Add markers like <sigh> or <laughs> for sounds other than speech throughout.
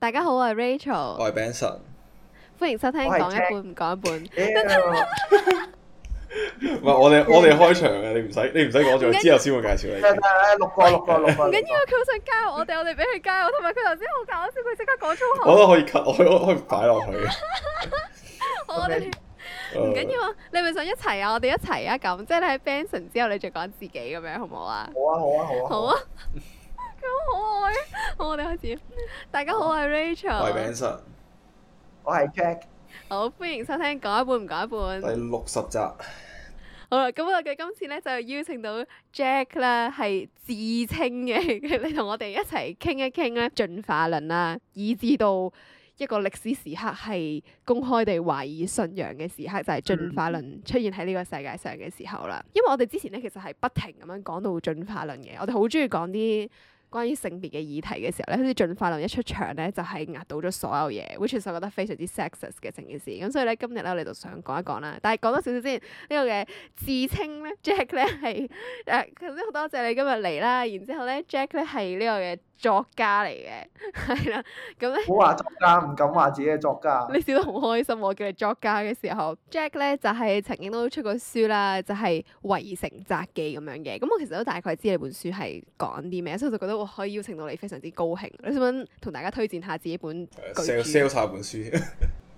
大家好，我係 Rachel，我係 Benson，歡迎收聽講一半唔講一半。唔係我哋我哋開場嘅，你唔使你唔使講咗，之後先會介紹你。六個六個六個，唔緊要，佢好想加入我哋，我哋俾佢加入。同埋佢頭先好搞笑，佢即刻講粗口，我都可以，我我可以擺落去。我哋唔緊要，啊，你咪想一齊啊！我哋一齊啊！咁即係你喺 Benson 之後，你再講自己咁樣，好唔好啊？好啊好啊好啊！咁好，我哋開始。 <laughs> 大家好，大家好，我係 Rachel，我係 Jack。好，歡迎收聽講一半唔講一半。第六十集。好啦，咁我哋今次咧就邀請到 Jack 啦，係自稱嘅， <laughs> 你同我哋一齊傾一傾咧進化論啦，以至到一個歷史時刻係公開地懷疑信仰嘅時刻，就係、是、進化論出現喺呢個世界上嘅時候啦。嗯、因為我哋之前咧其實係不停咁樣講到進化論嘅，我哋好中意講啲關於性別嘅議題嘅時候咧，好似進化論一出場咧，就係、是、壓倒咗所有嘢，which is 我覺得非常之 sexist 嘅成件事。咁所以咧，今日咧我哋就想講一講啦。但係講多少少先呢個嘅自稱咧，Jack 咧係誒，首先好多謝你今日嚟啦。然之後咧，Jack 咧係呢個嘅作家嚟嘅，係 <laughs> 啦。咁咧，唔好話作家，唔敢話自己係作家。你笑得好開心，我叫你作家嘅時候，Jack 咧就係、是、曾經都出過書啦，就係、是《圍城札記》咁樣嘅。咁我其實都大概知你本書係講啲咩，所以我就覺得。我可以邀請到你，非常之高興。你想唔想同大家推薦下自己本書？sell sell 曬本書。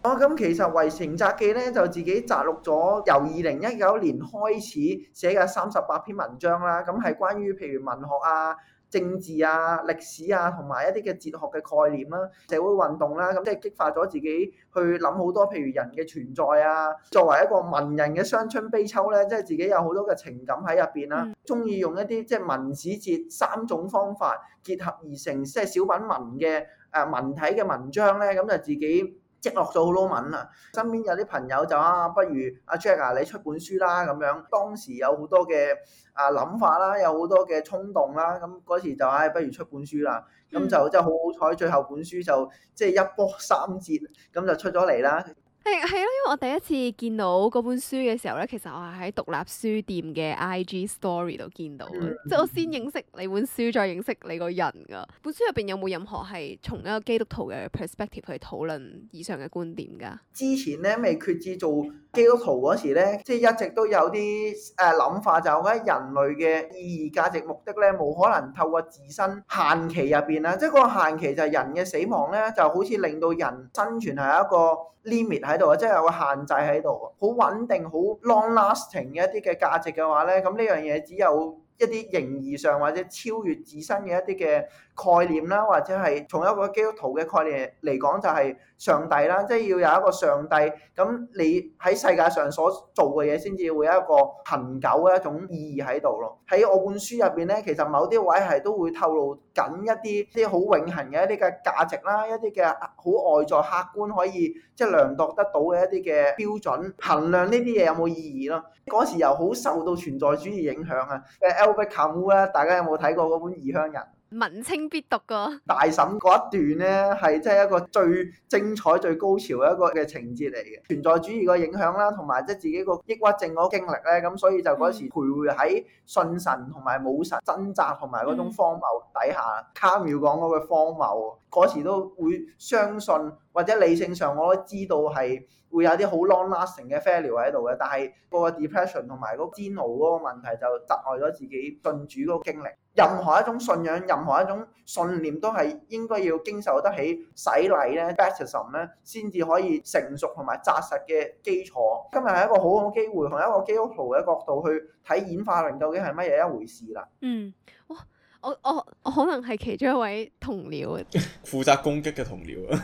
咁、 <laughs> 啊、其實《圍城雜記》咧，就自己摘錄咗由二零一九年開始寫嘅三十八篇文章啦。咁、啊、係關於譬如文學啊。政治啊、歷史啊，同埋一啲嘅哲學嘅概念啦、啊、社會運動啦、啊，咁即係激發咗自己去諗好多，譬如人嘅存在啊，作為一個文人嘅傷春悲秋咧，即、就、係、是、自己有好多嘅情感喺入邊啦，中意、嗯、用一啲即係文史哲三種方法結合而成，即、就、係、是、小品文嘅誒文體嘅文章咧，咁就自己，積落咗好多文啦，身邊有啲朋友就啊，不如阿 Jack 啊，你出本書啦咁樣。當時有好多嘅啊諗法啦，有好多嘅衝動啦，咁嗰時就唉，不如出本書啦，咁就真係好好彩，最後本書就即係、就是、一波三折，咁就出咗嚟啦。誒，係咯，因為我第一次見到嗰本書嘅時候咧，其實我係喺獨立書店嘅 I G Story 度見到嘅， <laughs> 即係我先認識你本書，再認識你個人噶。本書入邊有冇任何係從一個基督徒嘅 perspective 去討論以上嘅觀點噶？之前咧，未決志做基督徒嗰時咧，即係一直都有啲誒諗法，就係我覺得人類嘅意義、價值、目的咧，冇可能透過自身限期入邊啦，即係個限期就係人嘅死亡咧，就好似令到人生存係一個。limit 喺度即係、就是、有個限制喺度，好穩定、好 long-lasting 嘅一啲嘅價值嘅話咧，咁呢樣嘢只有一啲形而上或者超越自身嘅一啲嘅。概念啦，或者係從一個基督徒嘅概念嚟講，就係上帝啦，即係要有一個上帝咁，你喺世界上所做嘅嘢先至會有一個恒久嘅一種意義喺度咯。喺我本書入邊呢，其實某啲位係都會透露緊一啲啲好永恆嘅一啲嘅價值啦，一啲嘅好外在客觀可以即係、就是、量度得到嘅一啲嘅標準衡量呢啲嘢有冇意義咯。嗰時又好受到存在主義影響啊，誒 Albert Camus 啦，大家有冇睇過嗰本《異鄉人》？文青必讀個大審嗰一段咧，係即係一個最精彩、最高潮一個嘅情節嚟嘅。存在主義個影響啦，同埋即係自己個抑鬱症嗰個經歷咧，咁所以就嗰時徘徊喺信神同埋冇神掙扎，同埋嗰種荒謬底下。卡妙講嗰個荒謬，嗰時都會相信。或者理性上，我都知道係會有啲好 long lasting 嘅 failure 喺度嘅，但係個 depression 同埋嗰煎熬嗰個問題就窒礙咗自己信主嗰個經歷。任何一種信仰、任何一種信念都係應該要經受得起洗禮咧、baptism 咧，先至可以成熟同埋紮實嘅基礎。今日係一個好好機會，同一個基督徒嘅角度去睇演化論究竟係乜嘢一回事啦。嗯，哇。我我我可能係其中一位同僚啊， <laughs> 負責攻擊嘅同僚啊，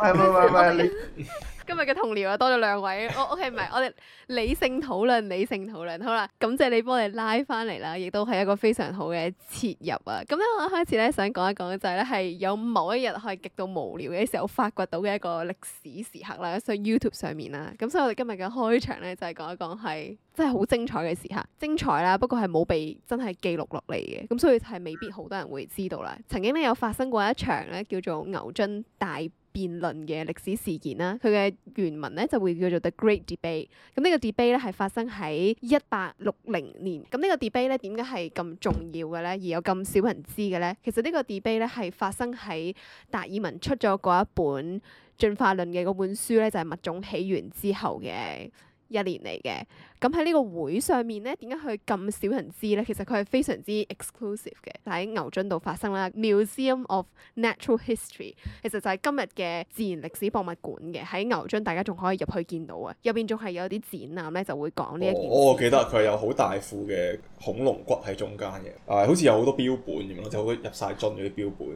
唔係唔係你今日嘅同僚啊多咗兩位， <laughs> 我 okay, not, <laughs> 我唔係我哋理性討論理性討論，好啦，感謝你幫我哋拉翻嚟啦，亦都係一個非常好嘅切入啊，咁咧我一開始咧想講一講就係咧係有某一日係極度無聊嘅時候發掘到嘅一個歷史時刻啦，所以 YouTube 上面啦，咁所以我哋今日嘅開場咧就係、是、講一講係真係好精彩嘅時刻，精彩啦，不過係冇被真係記錄落嚟嘅，咁所以係未。必好多人會知道啦。曾經咧有發生過一場咧叫做牛津大辯論嘅歷史事件啦。佢嘅原文咧就會叫做 The Great Debate。咁、嗯這個、de 呢個 debate 咧係發生喺一八六零年。咁、嗯這個、呢個 debate 咧點解係咁重要嘅咧，而有咁少人知嘅咧？其實個呢個 debate 咧係發生喺達爾文出咗嗰一本進化論嘅嗰本書咧，就係、是、物種起源之後嘅。一年嚟嘅，咁喺呢個會上面呢，點解佢咁少人知呢？其實佢係非常之 exclusive 嘅，喺牛津度發生啦。Museum of Natural History，其實就係今日嘅自然歷史博物館嘅，喺牛津大家仲可以入去見到啊，入邊仲係有啲展覽咧，就會講呢一個、哦。我記得佢係有好大副嘅恐龍骨喺中間嘅，啊、哎，好似有好多標本咁樣就好多入晒樽嗰啲標本。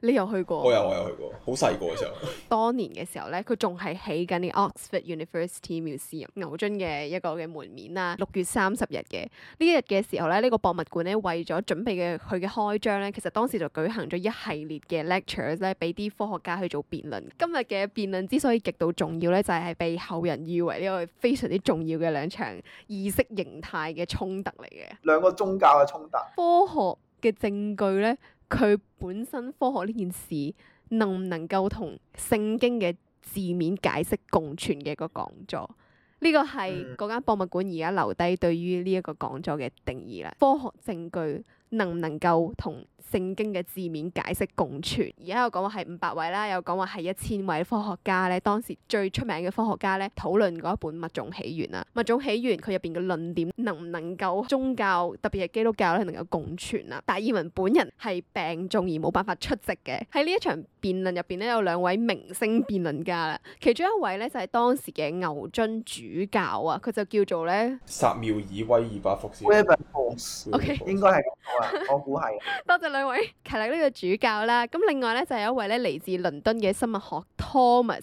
你又去過？我有，我有去過。好細個嘅時候，當 <laughs> 年嘅時候咧，佢仲係起緊啲 Oxford University Museum 牛津嘅一個嘅門面啦。六月三十日嘅呢一日嘅時候咧，呢、呢個博物館咧為咗準備嘅佢嘅開張咧，其實當時就舉行咗一系列嘅 lectures 咧，俾啲科學家去做辯論。今日嘅辯論之所以極度重要咧，就係、是、被後人譽為呢個非常之重要嘅兩場意識形態嘅衝突嚟嘅。兩個宗教嘅衝突，科學嘅證據咧。佢本身科學呢件事能唔能夠同聖經嘅字面解釋共存嘅一個講座，呢個係嗰間博物館而家留低對於呢一個講座嘅、這個、定義啦。科學證據，能唔能夠同？聖經嘅字面解釋共存，而家有講話係五百位啦，有講話係一千位科學家咧，當時最出名嘅科學家咧討論嗰一本《物種起源》啦，《物種起源》佢入邊嘅論點能唔能夠宗教，特別係基督教咧能夠共存啊？達爾文本人係病重而冇辦法出席嘅，喺呢一場辯論入邊咧有兩位明星辯論家啦，其中一位咧就係、是、當時嘅牛津主教啊，佢就叫做咧薩妙爾威爾伯、啊、福斯，應該係我估係。 <laughs> <laughs> <laughs> 兩位，係啦，呢個主教啦，咁另外咧就有一位咧嚟自倫敦嘅生物學 Thomas，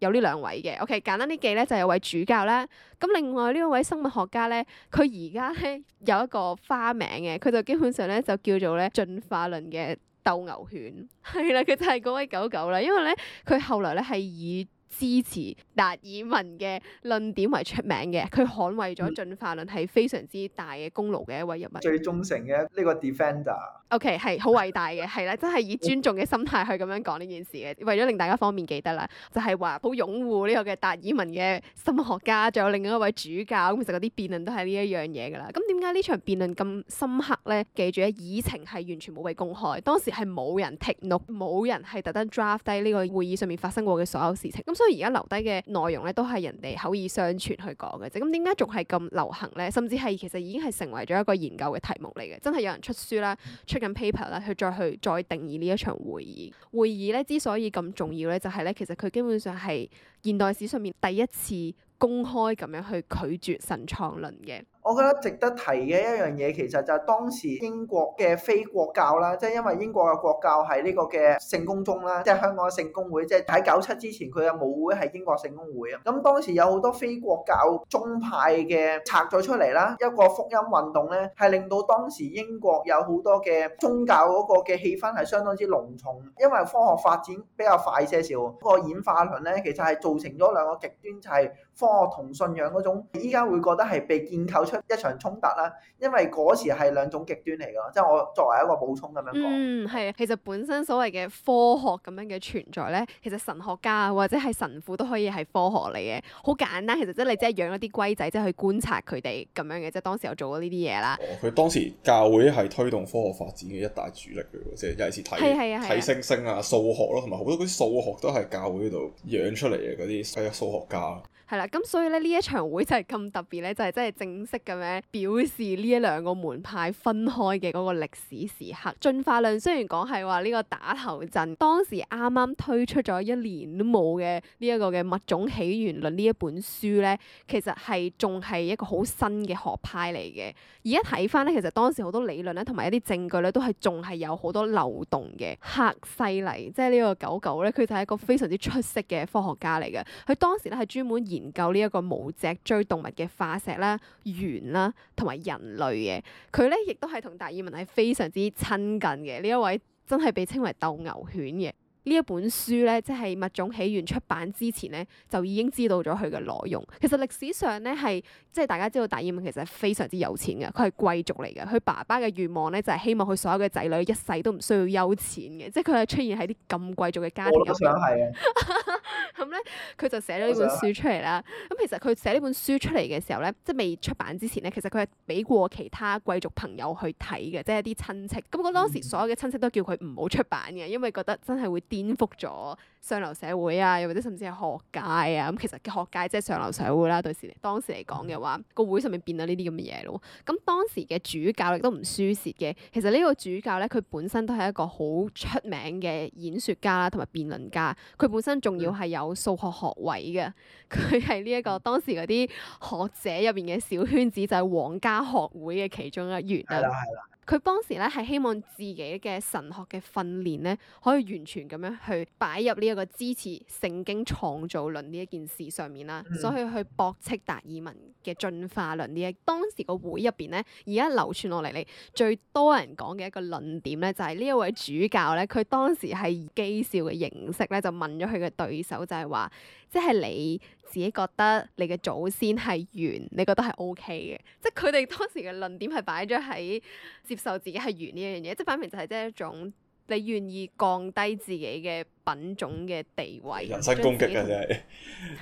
有呢兩位嘅，OK，簡單啲記咧就有位主教啦，咁另外呢一位生物學家咧，佢而家咧有一個花名嘅，佢就基本上咧就叫做咧進化論嘅鬥牛犬，係啦，佢就係嗰位狗狗啦，因為咧佢後來咧係以支持達爾文嘅論點為出名嘅，佢捍衛咗進化論係非常之大嘅功勞嘅一位人物。最忠誠嘅呢個 defender。O.K. 係好偉大嘅，係啦， <laughs> 真係以尊重嘅心態去咁樣講呢件事嘅，為咗令大家方便記得啦，就係話好擁護呢個嘅達爾文嘅心學家，仲有另外一位主教，咁其實嗰啲辯論都係呢一樣嘢噶啦。咁點解呢場辯論咁深刻咧？記住咧，議程係完全冇被公開，當時係冇人 take note，冇人係特登 draft 低呢個會議上面發生過嘅所有事情。咁所所以而家留低嘅內容咧，都係人哋口耳相傳去講嘅啫。咁點解仲係咁流行咧？甚至係其實已經係成為咗一個研究嘅題目嚟嘅。真係有人出書啦，出緊 paper 啦，去再去再定義呢一場會議。會議咧之所以咁重要咧，就係咧其實佢基本上係現代史上面第一次公開咁樣去拒絕神創論嘅。我覺得值得提嘅一樣嘢，其實就係當時英國嘅非國教啦，即係因為英國嘅國教係呢個嘅聖公宗啦，即係香港嘅聖公會，即係喺九七之前佢嘅母會係英國聖公會啊。咁當時有好多非國教宗派嘅拆咗出嚟啦，一個福音運動咧，係令到當時英國有好多嘅宗教嗰個嘅氣氛係相當之濃重。因為科學發展比較快些少，個演化論咧，其實係造成咗兩個極端，就係科學同信仰嗰種，依家會覺得係被建構出一場衝突啦，因為嗰時係兩種極端嚟噶，即係我作為一個補充咁樣講。嗯，係啊，其實本身所謂嘅科學咁樣嘅存在咧，其實神學家或者係神父都可以係科學嚟嘅，好簡單，其實即係你即係養一啲龜仔，即係去觀察佢哋咁樣嘅，即係當時有做過呢啲嘢啦。哦，佢當時教會係推動科學發展嘅一大主力嘅，即係一時睇睇星星啊，數學咯，同埋好多啲數學都係教會度養出嚟嘅啲嗰啲數學家。係啦，咁所以咧呢一場會就係咁特別咧，就係、是、真係正式咁樣表示呢一兩個門派分開嘅嗰個歷史時刻。進化論雖然講係話呢個打頭陣，當時啱啱推出咗一年都冇嘅呢一個嘅物種起源論呢一本書咧，其實係仲係一個好新嘅學派嚟嘅。而家睇翻咧，其實當時好多理論咧，同埋一啲證據咧，都係仲係有好多漏洞嘅。赫胥黎，即係呢個狗狗咧，佢就係一個非常之出色嘅科學家嚟嘅。佢當時咧係專門研究呢一個無脊椎動物嘅化石啦、猿啦同埋人類嘅，佢咧亦都係同達爾文係非常之親近嘅呢一位，真係被稱為鬥牛犬嘅。呢一本書咧，即係《物種起源》出版之前咧，就已經知道咗佢嘅內容。其實歷史上咧，係即係大家知道，達爾文其實非常之有錢嘅，佢係貴族嚟嘅。佢爸爸嘅願望咧，就係、是、希望佢所有嘅仔女一世都唔需要憂錢嘅，即係佢係出現喺啲咁貴族嘅家庭入邊、 <laughs> 嗯。咁咧，佢就寫咗呢本書出嚟啦。咁其實佢寫呢本書出嚟嘅時候咧，即係未出版之前咧，其實佢係俾過其他貴族朋友去睇嘅，即係一啲親戚。咁嗰當時所有嘅親戚都叫佢唔好出版嘅，因為覺得真係會。顛覆咗上流社會啊，又或者甚至係學界啊，咁其實嘅學界即係上流社會啦、啊。到時當時嚟講嘅話，個會上面變咗呢啲咁嘅嘢咯。咁當時嘅主教亦都唔輸蝕嘅。其實呢個主教咧，佢本身都係一個好出名嘅演說家啦，同埋辯論家。佢本身仲要係有數學學位嘅。佢係呢一個當時嗰啲學者入邊嘅小圈子，就係、是、皇家學會嘅其中一員啊。係啦，係啦。佢當時咧係希望自己嘅神學嘅訓練咧，可以完全咁樣去擺入呢一個支持聖經創造論呢一件事上面啦，所以去駁斥達爾文嘅進化論呢，一當時個會入邊咧，而家流傳落嚟，你最多人講嘅一個論點咧，就係呢一位主教咧，佢當時係以譏笑嘅形式咧，就問咗佢嘅對手就係話。即係你自己覺得你嘅祖先係猿，你覺得係 OK 嘅。即係佢哋當時嘅論點係擺咗喺接受自己係猿呢樣嘢，即係反面就係即係一種你願意降低自己嘅品種嘅地位。人身攻擊嘅真係，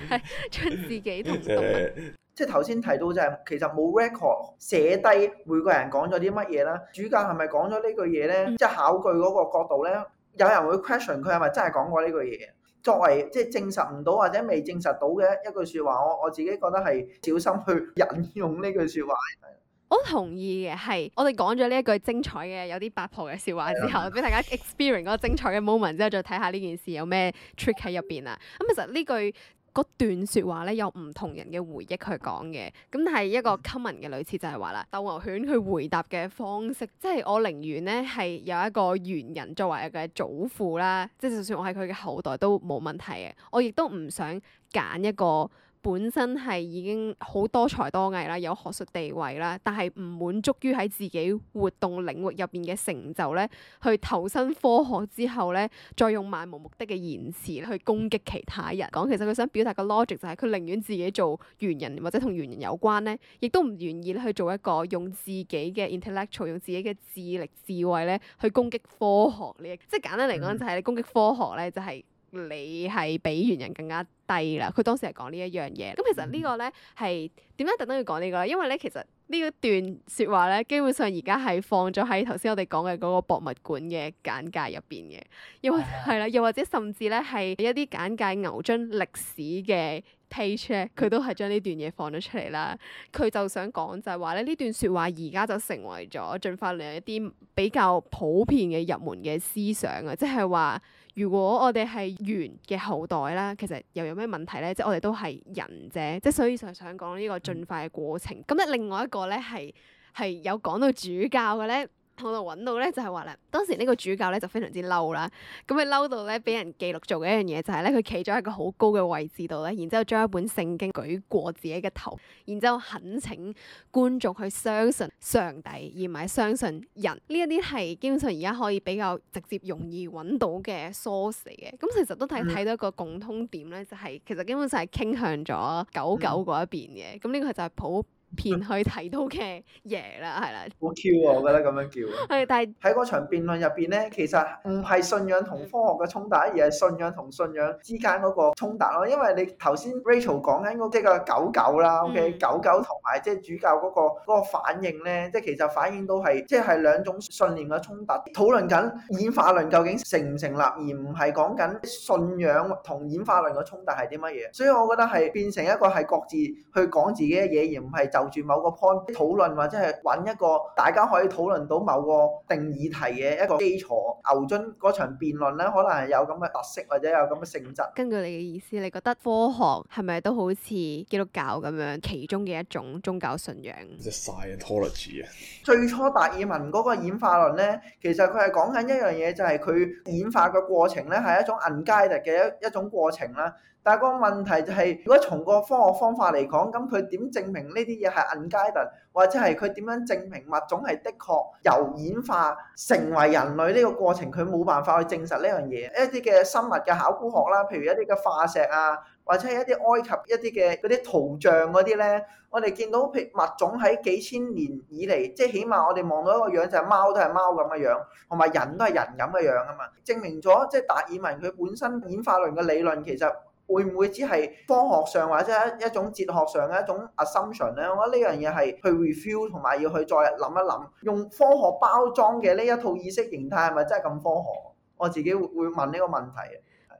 係將自己同即係頭先提到就係其實冇 record 寫低每個人講咗啲乜嘢啦。主教係咪講咗呢句嘢咧？即係考據嗰個角度咧，有人會 question 佢係咪真係講過呢句嘢？作為即係證實唔到或者未證實到嘅一句説話，我我自己覺得係小心去引用呢句説話。我同意嘅，係我哋講咗呢一句精彩嘅有啲八婆嘅説話之後，俾的大家 experience 嗰個精彩嘅 moment 之後，再睇下呢件事有咩 trick 喺入邊啊！咁其實呢句。嗰段説話咧，有唔同人嘅回憶去講嘅。咁係一個 common 嘅類似就係話啦，鬥牛犬佢回答嘅方式，即係我寧願咧，係有一個猿人作為我嘅祖父啦，即係就算我係佢嘅後代都冇問題嘅，我亦都唔想揀一個。本身係已經好多才多藝啦，有學術地位啦，但係唔滿足於喺自己活動領域入邊嘅成就咧，去投身科學之後咧，再用漫無目的嘅言辭去攻擊其他人。講其實佢想表達嘅 logic 就係佢寧願自己做猿人或者同猿人有關咧，亦都唔願意去做一個用自己嘅 intellectual 用自己嘅智力智慧咧去攻擊科學呢？即係簡單嚟講就係你攻擊科學咧，就係。你係比猿人更加低啦。佢當時係講呢一樣嘢。咁其實呢個咧係點解特登要講呢個咧？因為咧其實呢一段説話咧，基本上而家係放咗喺頭先我哋講嘅嗰個博物館嘅簡介入邊嘅。又係啦， <laughs> 又或者甚至咧係一啲簡介牛津歷史嘅 page 咧，佢都係將呢段嘢放咗出嚟啦。佢就想講就係話咧，呢段説話而家就成為咗進化論一啲比較普遍嘅入門嘅思想啊，即係話。如果我哋係猿嘅後代啦，其實又有咩問題咧？即係我哋都係人者，即係所以就係想講呢個進化嘅過程。咁咧，另外一個咧係係有講到主教嘅咧。我就揾到咧，就係話咧，當時呢個主教咧就非常之嬲啦，咁佢嬲到咧，俾人記錄做嘅一樣嘢就係咧，佢企咗喺個好高嘅位置度咧，然之後將一本聖經舉過自己嘅頭，然之後懇請觀眾去相信上帝，而唔係相信人。呢一啲係基本上而家可以比較直接容易揾到嘅 source 嚟嘅。咁其實都睇睇到一個共通點咧，就係，就係其實基本上係傾向咗九九嗰一邊嘅。咁呢個就係普。片去睇到嘅嘢啦，係啦，好 Q <laughs> 我覺得咁樣叫，係但係喺嗰場辯論入邊咧，其實唔係信仰同科學嘅衝突，而係信仰同信仰之間嗰個衝突咯。因為你頭先 Rachel 講緊嗰啲嘅狗狗啦，OK，、嗯、狗狗同埋即係主教嗰、嗰個嗰個反應咧，即係其實反映到係即係兩種信念嘅衝突。討論緊演化論究竟成唔成立，而唔係講緊信仰同演化論嘅衝突係啲乜嘢。所以我覺得係變成一個係各自去講自己嘅嘢，而唔係就。留住某個 point 討論，或者係揾一個大家可以討論到某個定義題嘅一個基礎。牛津嗰場辯論咧，可能係有咁嘅特色，或者有咁嘅性質。根據你嘅意思，你覺得科學係咪都好似基督教咁樣其中嘅一種宗教信仰？This is Scientology. 最初達爾文嗰個演化論呢，其實佢係講緊一樣嘢，就係、是、佢演化嘅過程呢，係一種 unguided 嘅一一種過程啦。但個問題就係、是，如果從個科學方法嚟講，咁佢點證明呢啲嘢係 unguided，或者係佢點樣證明物種係的確由演化成為人類呢個過程，佢冇辦法去證實呢樣嘢。一啲嘅生物嘅考古學啦，譬如一啲嘅化石啊，或者係一啲埃及一啲嘅嗰啲圖像嗰啲咧，我哋見到譬如物種喺幾千年以嚟，即係起碼我哋望到一個樣就係貓都係貓咁嘅樣，同埋人都係人咁嘅樣啊嘛，證明咗即係達爾文佢本身演化論嘅理論其實。會唔會只係科學上，或者一一種哲學上嘅一種 assumption 咧？我覺得呢樣嘢係去 review 同埋要去再諗一諗，用科學包裝嘅呢一套意識形態係咪真係咁科學？我自己會會問呢個問題嘅。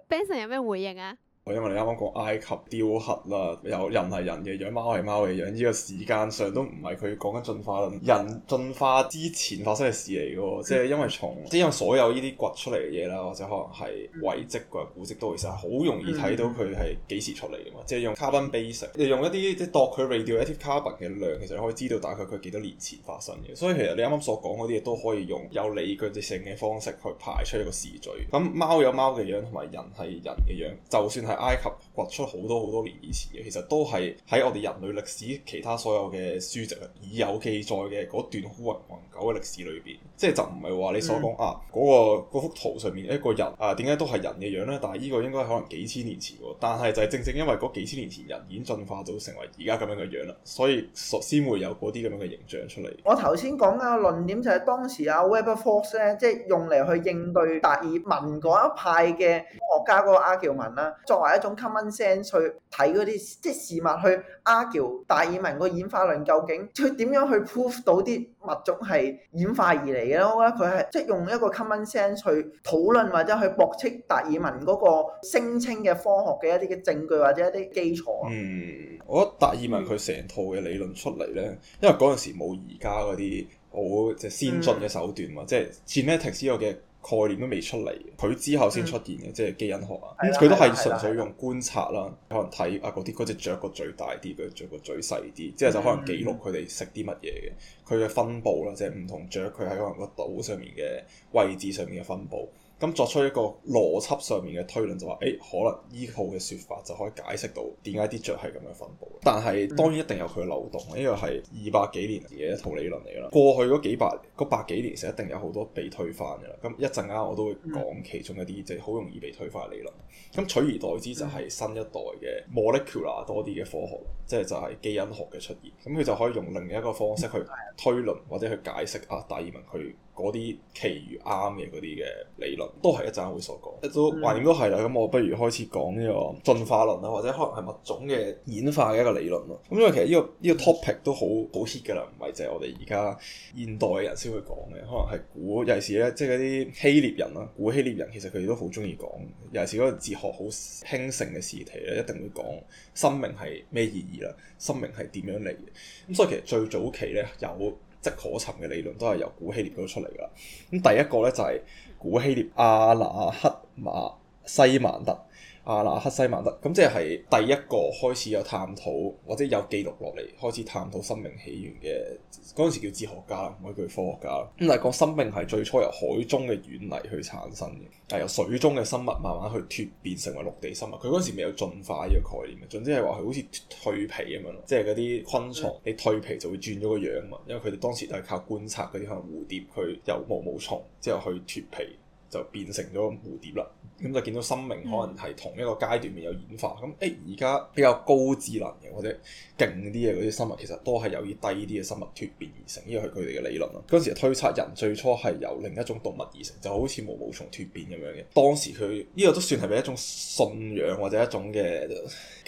Benson 有咩回應啊？因為你啱啱講埃及雕刻啦，有人係人嘅樣，貓係貓嘅樣，呢、這個時間上都唔係佢講緊進化論，人進化之前發生嘅事嚟嘅喎，嗯、即係因為從即係所有呢啲掘出嚟嘅嘢啦，或者可能係遺跡古跡，都其實係好容易睇到佢係幾時出嚟嘅嘛，即係用 carbon base 用一啲即係度佢 radioactive carbon 嘅量，其實你可以知道大概佢幾多年前發生嘅。所以其實你啱啱所講嗰啲嘢都可以用有理據性嘅方式去排出一個時序。咁貓有貓嘅樣，同埋人係人嘅樣，就算係。埃及掘出好多好多年以前嘅，其實都係喺我哋人類歷史其他所有嘅書籍已有記載嘅嗰段好云云久嘅歷史裏邊，即係就唔係話你所講，嗯、啊、嗰、嗰個嗰幅圖上面一個人啊，點解都係人嘅樣呢？但係呢個應該可能幾千年前，但係就係正正因為嗰幾千年前人已經進化到成為而家咁樣嘅樣啦，所以所先會有嗰啲咁樣嘅形象出嚟。我頭先講嘅論點就係當時啊 Webberforce 即係用嚟去應對達爾文嗰一派嘅科學家嗰個 argument 啦，作或一種 common sense 去睇嗰啲即事物，去 argue 達爾文個演化論究竟佢點樣去 prove 到啲物種係演化而嚟嘅咧？我覺得佢係即用一個 common sense 去討論或者去駁斥達爾文嗰個聲稱嘅科學嘅一啲嘅證據或者一啲基礎。嗯，我覺得達爾文佢成套嘅理論出嚟咧，因為嗰陣時冇而家嗰啲好即先進嘅手段嘛，即 genetics 呢個嘅概念都未出嚟，佢之後先出現嘅，嗯、即係基因學啊。佢係嘅都係純粹用觀察啦，可能睇啊嗰啲嗰隻雀個嘴大啲，嗰隻雀個嘴細啲，之後就可能記錄佢哋食啲乜嘢嘅，佢嘅分佈啦，即係唔同雀佢喺可能個島上面嘅位置上面嘅分佈。咁作出一個邏輯上面嘅推論，就話、是，誒、哎，可能依號嘅説法就可以解釋到點解啲雀係咁樣分布。但係當然一定有佢嘅漏洞，呢個係二百幾年嘅一套理論嚟㗎啦。過去嗰幾百百幾年，成一定有好多被推翻㗎啦。咁一陣間我都會講其中一啲，即係好容易被推翻嘅理論。咁取而代之就係新一代嘅 Molecular 多啲嘅科學，即係就係基因學嘅出現。咁佢就可以用另一個方式去推論或者去解釋啊達爾文去。嗰啲其餘啱嘅嗰啲嘅理論，都係一陣會所講。橫掂都係啦，咁、嗯、我不如開始講呢個進化論啦，或者可能係物種嘅演化嘅一個理論咯。咁因為其實呢、呢個呢、呢個 topic 都好好 hit 噶啦，唔係就係我哋而家現代人先會講嘅，可能係古尤其是咧，即係嗰啲希臘人啦，古希臘人其實佢哋都好中意講，尤其是嗰個哲學好興盛嘅時期咧，一定會講生命係咩意義啦，生命係點樣嚟嘅。咁所以其實最早期咧有。即可尋嘅理論都係由古希臘嗰度出嚟㗎，咁第一個咧就係古希臘阿那克馬西曼特，阿拉、啊、克西曼德，咁即係第一個開始有探討或者有記錄落嚟，開始探討生命起源嘅嗰陣時叫哲學家，唔可以叫科學家。咁但係個生命係最初由海中嘅軟泥去產生嘅，但係由水中嘅生物慢慢去脫變成為陸地生物。佢嗰陣時未有進化呢個概念嘅，總之係話佢好似蛻皮咁樣，即係嗰啲昆蟲，你蛻皮就會轉咗個樣啊嘛，因為佢哋當時都係靠觀察嗰啲可能蝴蝶，佢由毛毛蟲之後去脫皮。就變成咗蝴蝶啦，咁就見到生命可能係同一個階段面有演化。咁誒，而家比較高智能嘅或者勁啲嘅嗰啲生物，其實都係由啲低啲嘅生物脫變而成。呢個係佢哋嘅理論啦。嗰陣時推測人最初係由另一種動物而成，就好似毛毛蟲脫變咁樣嘅。當時佢呢個都算係一種信仰或者一種嘅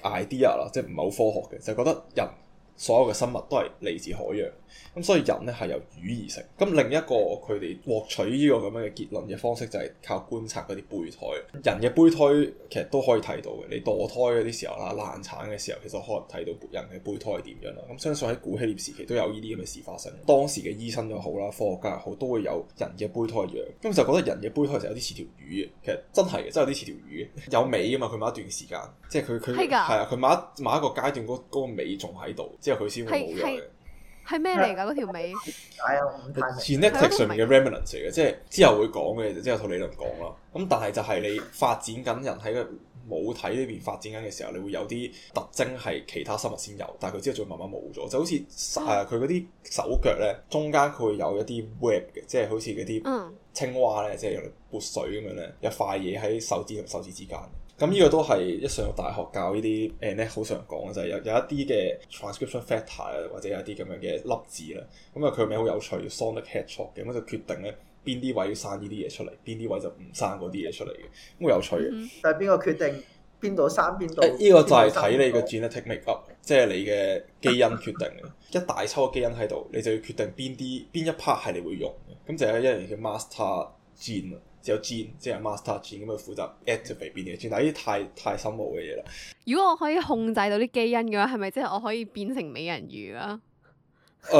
idea 啦，即係唔係好科學嘅，就覺得人所有嘅生物都係嚟自海洋。咁所以人呢係由魚而食。咁另一個佢哋獲取呢個咁樣嘅結論嘅方式就係靠觀察嗰啲胚胎。人嘅胚胎其實都可以睇到嘅。你墮胎嗰啲時候啦、難產嘅時候，其實可能睇到人嘅胚胎係點樣啦。咁相信喺古希臘時期都有呢啲咁嘅事發生。當時嘅醫生又好啦，科學家又好，都會有人嘅胚胎一樣。咁就覺得人嘅胚胎就有啲似條魚嘅。其實真係嘅，真係有啲似條魚，有尾噶嘛。佢某一段時間，即係佢佢係啊，佢某一某一個階段嗰個尾仲喺度，之後佢先會冇嘅。係咩嚟噶嗰條尾？係啊，genetic 上面嘅 remnants 嚟嘅，即係之後會講嘅，之後講之後嗯嗯、就之後同理論講咯。咁但係就係你發展緊人喺個母體呢邊發展緊嘅時候，你會有啲特徵係其他生物先有，但係佢之後再慢慢冇咗，就好似誒佢嗰啲手腳咧，中間佢會有一啲 web 嘅，即係好似嗰啲青蛙咧，即係用嚟撥水咁樣咧，一塊嘢喺手指同手指之間。咁呢個都係一上大學教呢啲誒咧，好常講嘅就係、是、有有一啲嘅 transcription factor 啊，或者有一啲咁樣嘅粒子啦。咁、嗯、啊，佢個名好有趣，Sonic Hedgehog 嘅。咁、嗯、就決定咧邊啲位要生呢啲嘢出嚟，邊啲位就唔生嗰啲嘢出嚟嘅。咁好有趣嘅、嗯。但係邊個決定邊度生邊度？呢、哎這個就係睇你嘅 genetic makeup，即係你嘅基因決定嘅。 <laughs> 一大抽嘅基因喺度，你就要決定邊啲邊一 part 係你會用嘅。咁就有一樣嘢叫 master gene 只有 gen，即係 master gen 咁啊，負責 activate 邊啲嘢啲太太深奧嘅嘢啦。如果我可以控制到啲基因嘅話，係咪即係我可以變成美人魚啊？誒，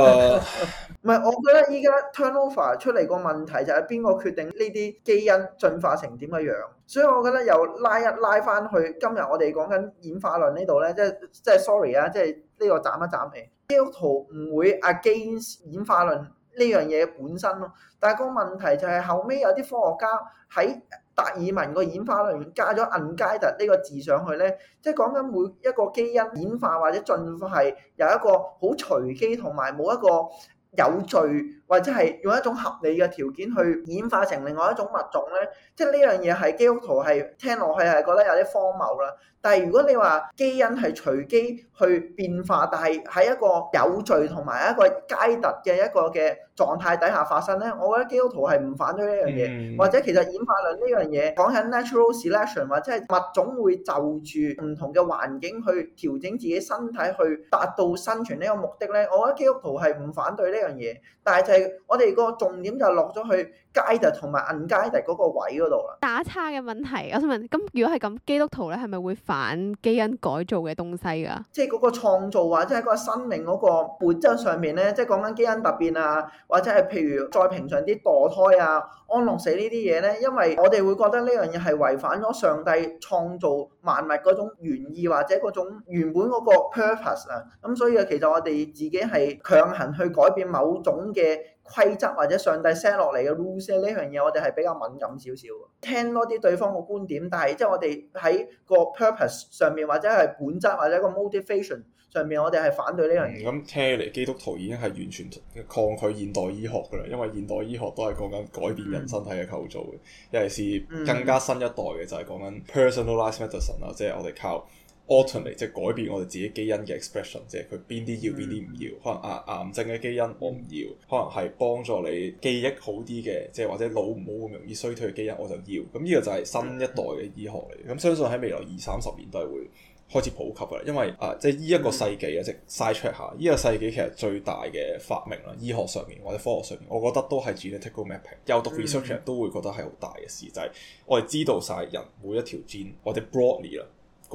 唔係，我覺得依家 turnover 出嚟個問題就係邊個決定呢啲基因進化成點嘅樣，所以我覺得又拉一拉翻去今日我哋講緊演化論呢度咧，即係即係 sorry 啊，即係呢個斬一斬氣。e l 唔會 against 演化論。呢樣嘢本身咯，但係個問題就係後尾有啲科學家喺達爾文個演化裡面加咗 unguided 呢個字上去咧，即係講緊每一個基因演化或者進化係有一個好隨機同埋冇一個有序。或者係用一種合理嘅條件去演化成另外一種物種咧，即係呢樣嘢係基督徒係聽落去係覺得有啲荒謬啦。但係如果你話基因係隨機去變化，但係喺一個有序同埋一個 guided 嘅一個嘅狀態底下發生咧，我覺得基督徒係唔反對呢樣嘢。嗯、或者其實演化論呢樣嘢講緊 natural selection，或者係物種會就住唔同嘅環境去調整自己身體去達到生存呢個目的咧，我覺得基督徒係唔反對呢樣嘢，但係就是。我哋個重點就落咗去。guided 同埋 unguided 嗰個位嗰度啦。打叉嘅問題，我想問，咁如果係咁，基督徒咧係咪會反基因改造嘅東西噶？即係嗰個創造或者係嗰個生命嗰個本質上面咧，即係講緊基因突變啊，或者係譬如再平常啲墮胎啊、安樂死呢啲嘢咧，因為我哋會覺得呢樣嘢係違反咗上帝創造萬物嗰種原意或者嗰種原本嗰個 purpose 啊。咁所以啊，其實我哋自己係強行去改變某種嘅。規則或者上帝 set 落嚟嘅 rules 呢樣嘢我哋係比較敏感少少，聽多啲對方嘅觀點，但係即係我哋喺個 purpose 上面或者係本質或者個 motivation 上面，我哋係反對呢樣嘢。咁、嗯、聽嚟，基督徒已經係完全抗拒現代醫學㗎啦，因為現代醫學都係講緊改變人身體嘅構造嘅，嗯、尤其是更加新一代嘅就係、是、講緊 personalized medicine 啦，即係我哋靠。alternatively 即係改變我哋自己基因嘅 expression，即係佢邊啲要邊啲唔要。可能癌癌症嘅基因我唔要，可能係幫助你記憶好啲嘅，即係或者腦唔好咁容易衰退嘅基因我就要。咁呢個就係新一代嘅醫學嚟。咁相信喺未來二三十年都係會開始普及嘅，因為啊，即係呢一個世紀啊，嗯、即係 side track 下呢、這個世紀其實最大嘅發明啦，醫學上面或者科學上面，我覺得都係 genetic mapping。有讀 research 嘅都會覺得係好大嘅事，就係、是、我哋知道晒人每一條 gene，或者 broadly 啦。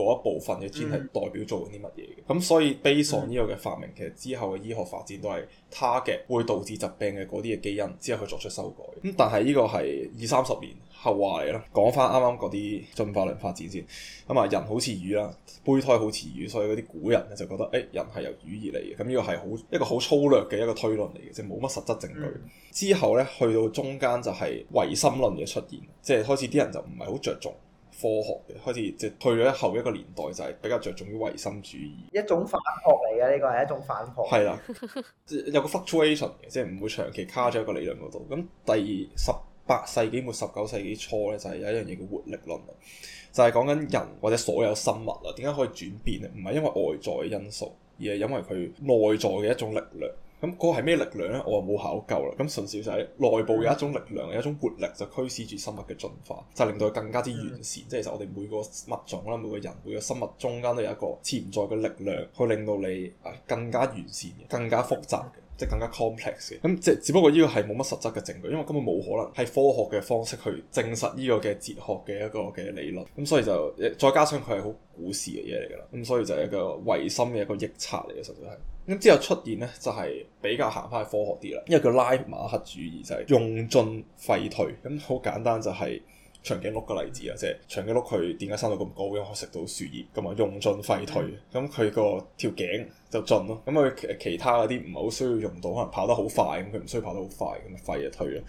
嗰一部分嘅 gene 係代表做緊啲乜嘢嘅，咁所以悲 a 呢個嘅發明其實之後嘅醫學發展都係 target 會導致疾病嘅嗰啲嘅基因，之後去作出修改。咁但係呢個係二三十年後話嚟啦。講翻啱啱嗰啲進化論發展先，咁啊人好似魚啦，胚胎好似魚，所以嗰啲古人咧就覺得，誒人係由魚而嚟嘅，咁、這、呢個係好一個好粗略嘅一個推論嚟嘅，即係冇乜實質證據。嗯、之後呢，去到中間就係唯心論嘅出現，即係開始啲人就唔係好着重。科學嘅開始，即係去咗後一個年代，就係比較着重於唯心主義。一種反駁嚟嘅，呢個係一種反駁。係啦，有個 fluctuation 嘅，即係唔會長期卡咗一個理論嗰度。咁第十八世紀末十九世紀初咧，就係有一樣嘢叫活力論，就係講緊人或者所有生物啊，點解可以轉變咧？唔係因為外在嘅因素，而係因為佢內在嘅一種力量。咁嗰個係咩力量呢？我話冇考究啦。咁馴小仔內部有一種力量，有一種活力，就驅使住生物嘅進化，就是、令到佢更加之完善。嗯、即係其實我哋每個物種啦，每個人，每個生物中間都有一個潛在嘅力量，去令到你更加完善嘅，更加複雜嘅。即更加 complex 嘅，咁即只，只不過呢個係冇乜實質嘅證據，因為根本冇可能係科學嘅方式去證實呢個嘅哲學嘅一個嘅理論，咁所以就再加上佢係好古時嘅嘢嚟㗎啦，咁所以就係一個唯心嘅一個臆測嚟嘅，實在係，咁之後出現咧就係、是、比較行翻去科學啲啦，因為叫拉馬克主義就係、是、用進廢退，咁好簡單就係、是。長頸鹿嘅例子啊，即係長頸鹿佢點解生到咁高？因為食到樹葉咁嘛，用進廢退，咁佢個條頸就盡咯。咁佢其他嗰啲唔係好需要用到，可能跑得好快咁，佢唔需要跑得好快咁，廢就退啦。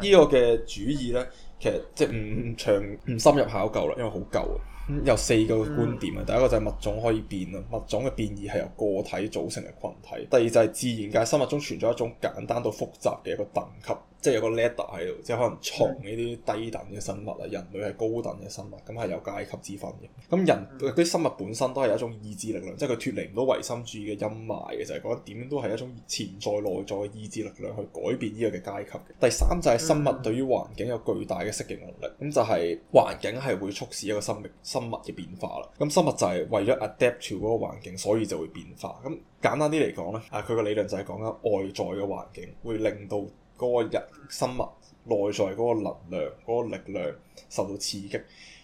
呢個嘅主意咧，其實即係唔長唔深入考究啦，因為好舊啊。有四個觀點啊，嗯、第一個就係物種可以變啊，物種嘅變異係由個體組成嘅群體。第二就係自然界生物中存在一種簡單到複雜嘅一個等級。即係有個 ladder 喺度，即係可能從呢啲低等嘅生物啊，人類係高等嘅生物，咁係、mm. 有階級之分嘅。咁人啲生物本身都係一種意志力量，即係佢脫離唔到唯心主義嘅陰霾嘅，就係、是、講點樣都係一種潛在內在嘅意志力量去改變呢個嘅階級。第三就係生物對於環境有巨大嘅適應能力，咁就係環境係會促使一個生命生物嘅變化啦。咁生物就係為咗 adapt to 嗰個環境，所以就會變化。咁簡單啲嚟講呢，啊佢個理論就係講緊外在嘅環境會令到，嗰個人生物內在嗰個能量嗰個力量受到刺激，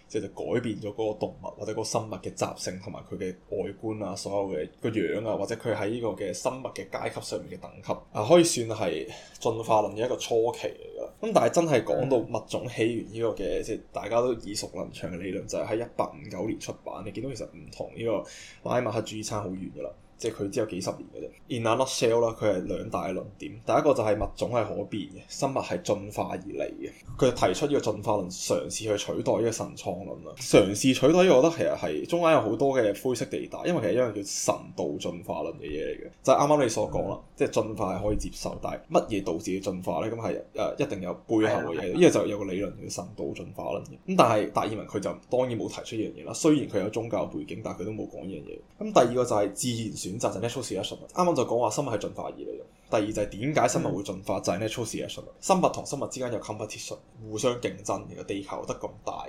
即係改變咗嗰個動物或者，生物或者個生物嘅習性同埋佢嘅外觀啊，所有嘅個樣啊，或者佢喺呢個嘅生物嘅階級上面嘅等級啊，可以算係進化論嘅一個初期嚟嘅。咁但係真係講到物種起源呢個嘅，即係大家都耳熟能詳嘅理論，就係喺一八五九年出版。你見到其實唔同呢個拉馬克主義差好遠㗎啦。即係佢只有幾十年嘅啫。In a nutshell 啦，佢係兩大嘅論點。第一個就係物種係可變嘅，生物係進化而嚟嘅。佢提出呢個進化論，嘗試去取代呢個神創論啊。嘗試取代、這個、我覺得其實係中間有好多嘅灰色地帶，因為其實一樣叫神導進化論嘅嘢嚟嘅。就係啱啱你所講啦，即係進化係可以接受，但係乜嘢導致嘅進化咧？咁係誒一定有背後嘅嘢。呢、這、係、個、就有個理論叫神導進化論嘅。咁、嗯、但係達爾文佢就當然冇提出呢樣嘢啦。雖然佢有宗教背景，但係佢都冇講呢樣嘢。咁、嗯、第二個就係自然選擇就係呢個初始嘅生物。啱啱就講話生物係進化而嚟嘅。第二就係點解生物會進化，嗯、就係呢個初始嘅生物。生物同生物之間有 competition，互相競爭。個地球得咁大，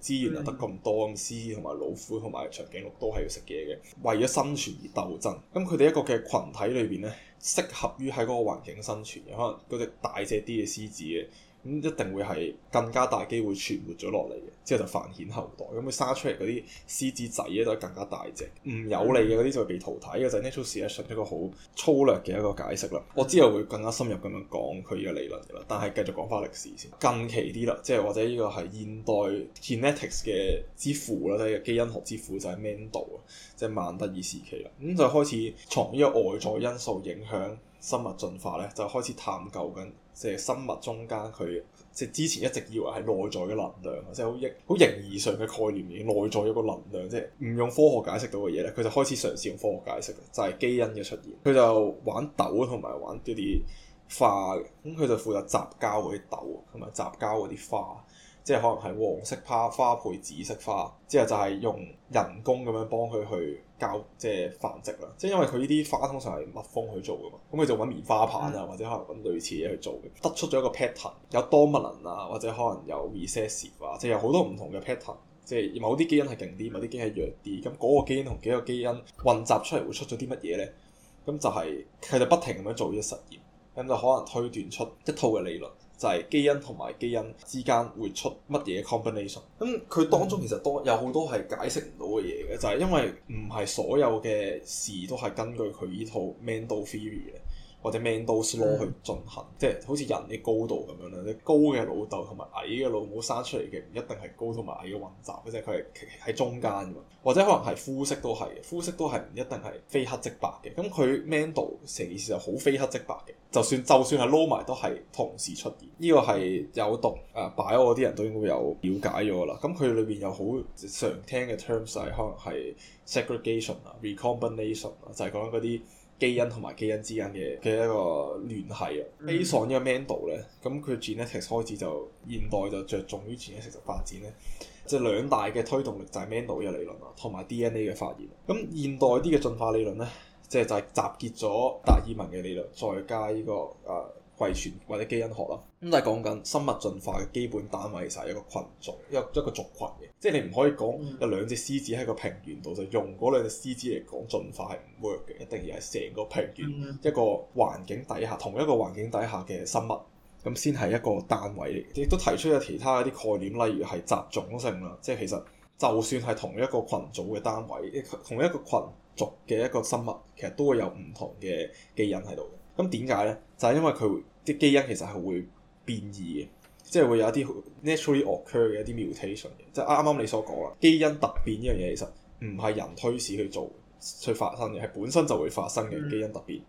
資源又得咁多，咁獅子同埋老虎同埋長頸鹿都係要食嘢嘅，為咗生存而鬥爭。咁佢哋一個嘅群體裏邊呢，適合於喺嗰個環境生存嘅，可能嗰隻大隻啲嘅獅子嘅。咁一定會係更加大機會存活咗落嚟嘅，之後就繁衍後代。咁佢生出嚟嗰啲獅子仔咧，都係更加大隻，唔有利嘅嗰啲就會被淘汰呢嘅。呢個就係 natural selection 一個好粗略嘅一個解釋啦。我之後會更加深入咁樣講佢嘅理論嘅，但係繼續講翻歷史先。近期啲啦，即係或者呢個係現代 genetics 嘅之父啦，即係基因學之父就係、是、Mendel，即係曼德爾時期啦。咁就開始從呢個外在因素影響生物進化咧，就開始探究緊。即係生物中間，佢即係之前一直以為係內在嘅能量，即係好億好形而上嘅概念裏面，內在有個能量，即係唔用科學解釋到嘅嘢咧，佢就開始嘗試用科學解釋，就係基因嘅出現。佢就玩豆同埋玩啲花，咁佢就負責雜交嗰啲豆，同埋雜交嗰啲花，即係可能係黃色花花配紫色花，之後就係用人工咁樣幫佢去。教即係繁殖啦，即係因為佢呢啲花通常係蜜蜂去做㗎嘛，咁佢就揾棉花棒啊，或者可能揾類似嘢去做嘅，得出咗一個 pattern，有 dominant 啊，或者可能有 recessive 啊，即係有好多唔同嘅 pattern，即係某啲基因係勁啲，某啲基因係弱啲，咁嗰個基因同幾個基因混雜出嚟會出咗啲乜嘢呢？咁就係、是、佢就不停咁樣做呢個實驗，咁就可能推斷出一套嘅理論。就係基因同埋基因之間會出乜嘢 combination，咁佢當中其實有多有好多係解釋唔到嘅嘢嘅，就係、是、因為唔係所有嘅事都係根據佢呢套 Mendel theory 嘅。或者 Mendel law 去進行，嗯、即係好似人嘅高度咁樣啦。高嘅老豆同埋矮嘅老母生出嚟嘅唔一定係高同埋矮嘅混雜，即係佢係喺中間㗎嘛。或者可能係膚色都係，膚色都係唔一定係非黑即白嘅。咁佢 Mendel 成件事就好非黑即白嘅。就算就算係撈埋都係同時出現。呢、這個係有讀，啊擺我啲人都應該有了解咗啦。咁佢裏邊有好常聽嘅 terms 係可能係 segregation 啊、recombination 啊，就係講緊嗰啲。基因同埋基因之間嘅嘅一個聯繫啊，based on 呢個 Mendel 咧，咁佢 genetics 開始就現代就着重於 genetics 實發展咧，即、就、係、是、兩大嘅推動力就係 Mendel 嘅理論啊，同埋 DNA 嘅發現。咁現代啲嘅進化理論咧，即係就係、是、集結咗達爾文嘅理論，再加呢個誒。呃遺傳或者基因學啦，咁但係講緊生物進化嘅基本單位，就係一個群族，一個一個族群嘅。即係你唔可以講有兩隻獅子喺個平原度就用嗰兩隻獅子嚟講進化係唔 work 嘅，一定要係成個平原、mm hmm. 一個環境底下，同一個環境底下嘅生物，咁先係一個單位嚟嘅，亦都提出咗其他一啲概念，例如係雜種性啦，即係其實就算係同一個群組嘅單位，同一個群族嘅一個生物，其實都會有唔同嘅基因喺度。咁點解咧？就係、是、因為佢啲基因其實係會變異嘅，即係會有一啲 naturally occur 嘅一啲 mutation 嘅。即係啱啱你所講啦，基因突變呢樣嘢其實唔係人推使去做，去發生嘅，係本身就會發生嘅基因突變。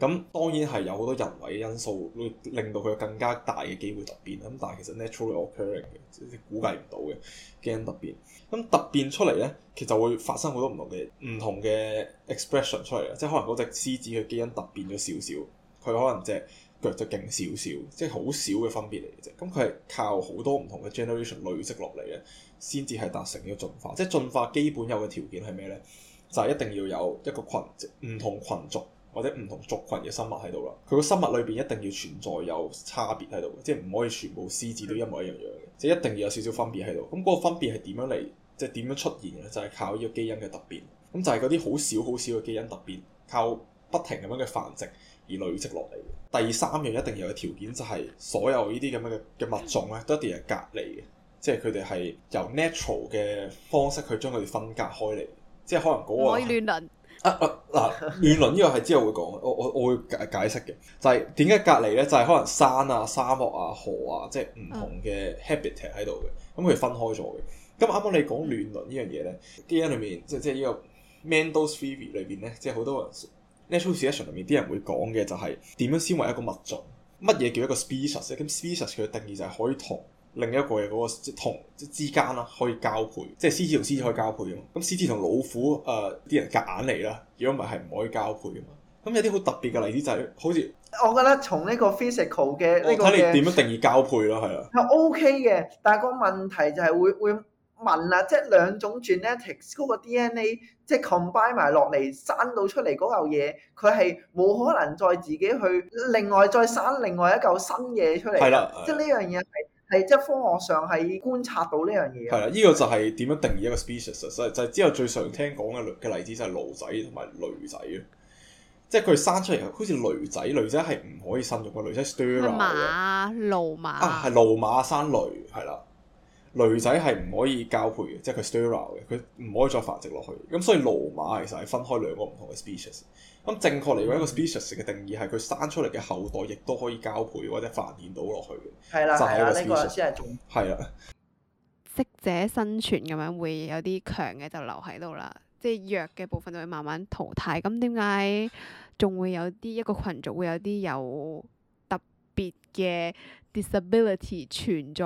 咁當然係有好多人為因素，會令到佢有更加大嘅機會突變啦。咁但係其實 naturally occurring 嘅，即係估計唔到嘅基因突變。咁突變出嚟咧，其實會發生好多唔同嘅唔同嘅 expression 出嚟嘅，即係可能嗰隻獅子嘅基因突變咗少少，佢可能隻腳就勁少少，即係好少嘅分別嚟嘅啫。咁佢係靠好多唔同嘅 generation 累積落嚟嘅，先至係達成呢個進化。即係進化基本有嘅條件係咩咧？就係、是、一定要有一個群，唔同群族。或者唔同族群嘅生物喺度啦，佢個生物裏邊一定要存在有差別喺度，即係唔可以全部獅子都一模一樣樣嘅，即係一定要有少少分別喺度。咁嗰個分別係點樣嚟？即係點樣出現嘅？就係、是、靠呢個基因嘅突變。咁就係嗰啲好少好少嘅基因突變，靠不停咁樣嘅繁殖而累積落嚟。第三樣一定要有條件就係、是、所有呢啲咁樣嘅嘅物種咧，都一定係隔離嘅，即係佢哋係由 natural 嘅方式去將佢哋分隔開嚟。即係可能嗰個啊嗱，亂、uh, uh, uh, 倫呢個係之後會講，我我我會解解釋嘅，就係點解隔離咧，就係、是、可能山啊、沙漠啊、河啊，即係唔同嘅 habitat 喺度嘅，咁佢分開咗嘅。咁啱啱你講亂倫呢樣嘢咧，基因裏面即係即係呢個 Mendel's theory 裏面咧，即係好多人 natural selection 裏面啲人會講嘅就係點樣先為一個物種，乜嘢叫一個 species 咧？咁 species 佢嘅定義就係可以同，另一個嘅嗰個即同即之間啦，可以交配，即係獅子同獅子可以交配嘅嘛。咁獅子同老虎誒啲人夾硬嚟啦，如果唔係係唔可以交配嘅嘛。咁有啲好特別嘅例子就係好似我覺得從呢個 physical 嘅呢個睇你點樣定義交配咯，係啊係 OK 嘅，但係個問題就係會會問啊，即係兩種 genetics 嗰個 DNA 即係 combine 埋落嚟生到出嚟嗰嚿嘢，佢係冇可能再自己去另外再生另外一嚿新嘢出嚟嘅，即係呢樣嘢。係即係科學上係觀察到呢樣嘢。係啦，依、呢個就係點樣定義一個 species，就係之後最常聽講嘅嘅例子就係驢仔同埋驢仔咯。即係佢生出嚟好似驢仔，驢仔係唔可以生育，個驢仔 sterile 啊。驢馬啊，係驢馬生驢，係啦。驢仔係唔可以交配嘅，即係佢 sterile 嘅，佢唔可以再繁殖落去。咁所以騾馬其實係分開兩個唔同嘅 species。咁正確嚟講，一個 species 嘅定義係佢生出嚟嘅後代亦都可以交配或者繁衍到落去嘅，的就係一個 species。係啦，適的者生存咁樣會有啲強嘅就留喺度啦，即係弱嘅部分就會慢慢淘汰。咁點解仲會有啲一個群族會有啲有？別嘅 disability 存在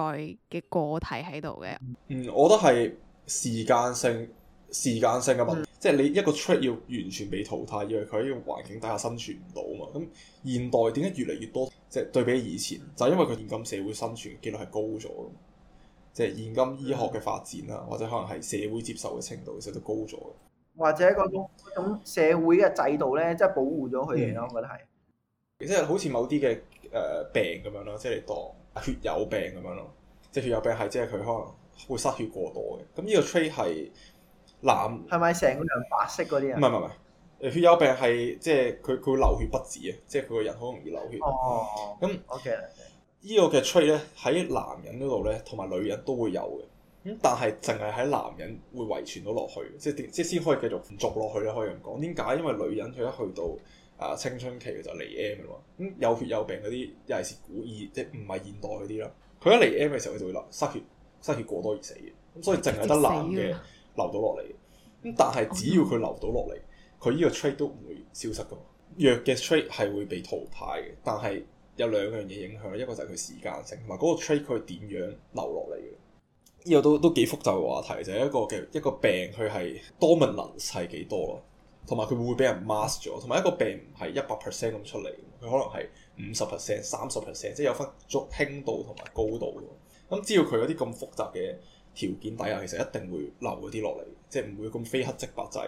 嘅個體喺度嘅，嗯，我覺得係時間性、時間性嘅問題，嗯、即係你一個 trait 要完全被淘汰，因為佢喺環境底下生存唔到啊嘛。咁現代點解越嚟越多，即係對比起以前，就係因為佢現今社會生存嘅機率係高咗，即係現今醫學嘅發展啦，嗯、或者可能係社會接受嘅程度其實都高咗，或者嗰種社會嘅制度咧，即係保護咗佢哋咯，嗯、我覺得係。即係好似某啲嘅誒病咁樣咯，即係你當血友病咁樣咯。即係血友病係即係佢可能會失血過多嘅。咁呢個 trait 係男係咪成個人白色嗰啲啊？唔係唔係唔係，血友病係即係佢佢會流血不止啊！即係佢個人好容易流血。哦。咁，OK，呢個嘅 trait 咧喺男人嗰度咧，同埋女人都會有嘅。咁但係淨係喺男人會遺傳到落去，即係即係先可以繼續續落去咧。可以咁講。點解？因為女人佢一去到。啊青春期嘅就嚟 M 嘅啦，咁有血有病嗰啲尤其是古醫，即係唔係現代嗰啲啦。佢一嚟 M 嘅時候，佢就會流失血，失血過多而死嘅。咁所以淨係得男嘅流到落嚟。咁但係只要佢流到落嚟，佢呢個 trait 都唔會消失㗎嘛。弱嘅 trait 係會被淘汰嘅。但係有兩樣嘢影響，一個就係佢時間性，同埋嗰個 trait 佢點樣流落嚟嘅。呢個都都幾複雜嘅話題，就係、是、一個嘅一個病佢係 dominance 係幾多咯。同埋佢會唔會俾人 mask 咗，同埋一個病唔係一百 percent 咁出嚟，佢可能係五十 percent、三十 percent，即係有分足輕度同埋高度。咁只要佢有啲咁複雜嘅條件底下，其實一定會留嗰啲落嚟，即係唔會咁非黑即白制。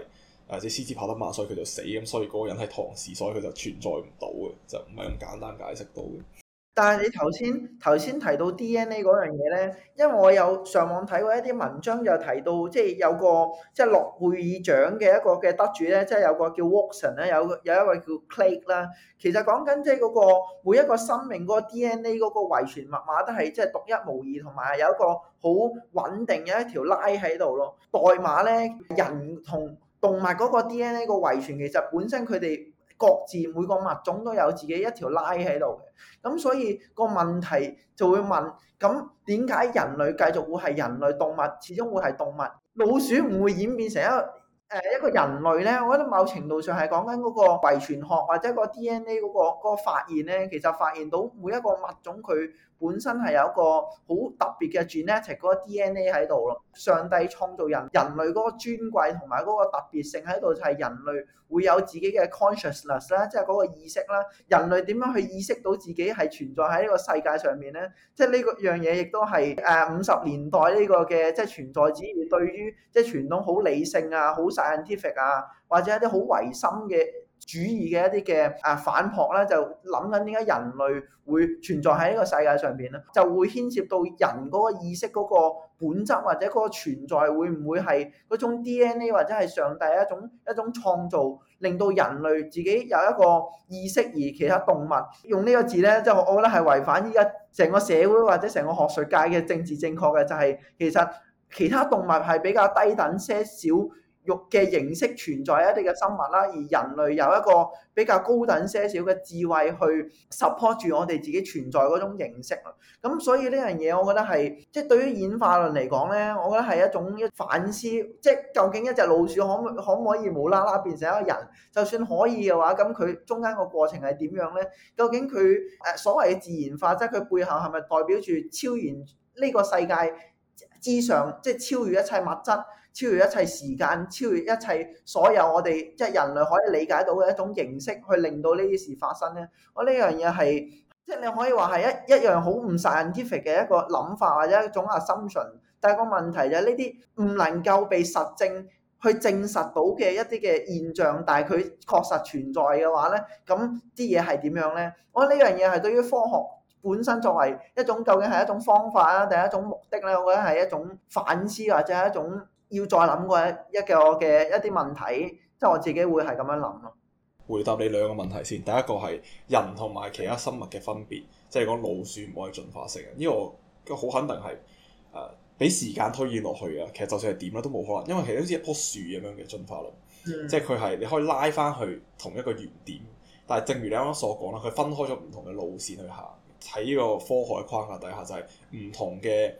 誒，或者獅子跑得慢，所以佢就死咁，所以嗰個人係唐氏，所以佢就存在唔到嘅，就唔係咁簡單解釋到嘅。但係你頭先頭先提到 DNA 嗰樣嘢咧，因為我有上網睇過一啲文章就提到，即係有個即係諾貝爾獎嘅一個嘅得主咧，即係有個叫 Watson 咧，有有一位叫 Crick 啦。其實講緊即係嗰個每一個生命嗰個 DNA 嗰個遺傳密碼都係即係獨一無二，同埋有一個好穩定嘅一條拉喺度咯。代碼咧，人同動物嗰個 DNA 個遺傳其實本身佢哋。各自每個物種都有自己一條拉喺度嘅，咁所以個問題就會問，咁點解人類繼續會係人類，動物，始終會係動物，老鼠唔會演變成一個誒一個人類咧？我覺得某程度上係講緊嗰個遺傳學或者個 DNA 嗰個嗰個發現咧，其實發現到每一個物種佢。本身係有一個好特別嘅 join 一起嗰個 DNA 喺度咯，上帝創造人類，人類嗰個尊貴同埋嗰個特別性喺度，就係人類會有自己嘅 consciousness 啦，即係嗰個意識啦。人類點樣去意識到自己係存在喺呢個世界上面呢？即係呢個樣嘢亦都係誒五十年代呢個嘅，即、就、係、是、存在主義對於即係傳統好理性啊、好 scientific 啊，或者一啲好唯心嘅主義嘅一啲嘅啊反駁咧，就諗緊點解人類會存在喺呢個世界上邊咧，就會牽涉到人嗰個意識嗰個本質、或者嗰個存在會唔會係嗰種 DNA 或者係上帝一種一種創造，令到人類自己有一個意識。而其他動物用呢個字咧，即係我覺得係違反依家成個社會或者成個學術界嘅政治正確嘅，就係其實其他動物係比較低等些少。肉嘅形式存在一啲嘅生物啦，而人類有一個比較高等些少嘅智慧去 support 住我哋自己存在嗰種形式。咁所以呢樣嘢，我覺得係即係對於演化論嚟講呢，我覺得係一種一反思，即係究竟一隻老鼠可可唔可以無啦啦變成一個人？就算可以嘅話，咁佢中間個過程係點樣呢？究竟佢誒所謂嘅自然化，即係佢背後係咪代表住超然呢個世界？思想即係超越一切物質，超越一切時間，超越一切所有我哋即係人類可以理解到嘅一種形式，去令到呢啲事發生咧。我呢樣嘢係即係你可以話係一一樣好唔 scientific 嘅一個諗法或者一種啊 assumption，但係個問題就係呢啲唔能夠被實證去證實到嘅一啲嘅現象，但係佢確實存在嘅話咧，咁啲嘢係點樣咧？我呢樣嘢係對於科學。本身作為一種究竟係一種方法啊，定係一種目的咧？我覺得係一種反思，或者係一種要再諗過一一個嘅一啲問題，即係我自己會係咁樣諗咯。回答你兩個問題先，第一個係人同埋其他生物嘅分別，即係講老鼠唔可以進化性。因為我好肯定係誒俾時間推演落去啊。其實就算係點啦，都冇可能，因為其實好似一棵樹咁樣嘅進化路，嗯、即係佢係你可以拉翻去同一個原點，但係正如你啱啱所講啦，佢分開咗唔同嘅路線去行。喺呢個科學嘅框架底下，就係、是、唔同嘅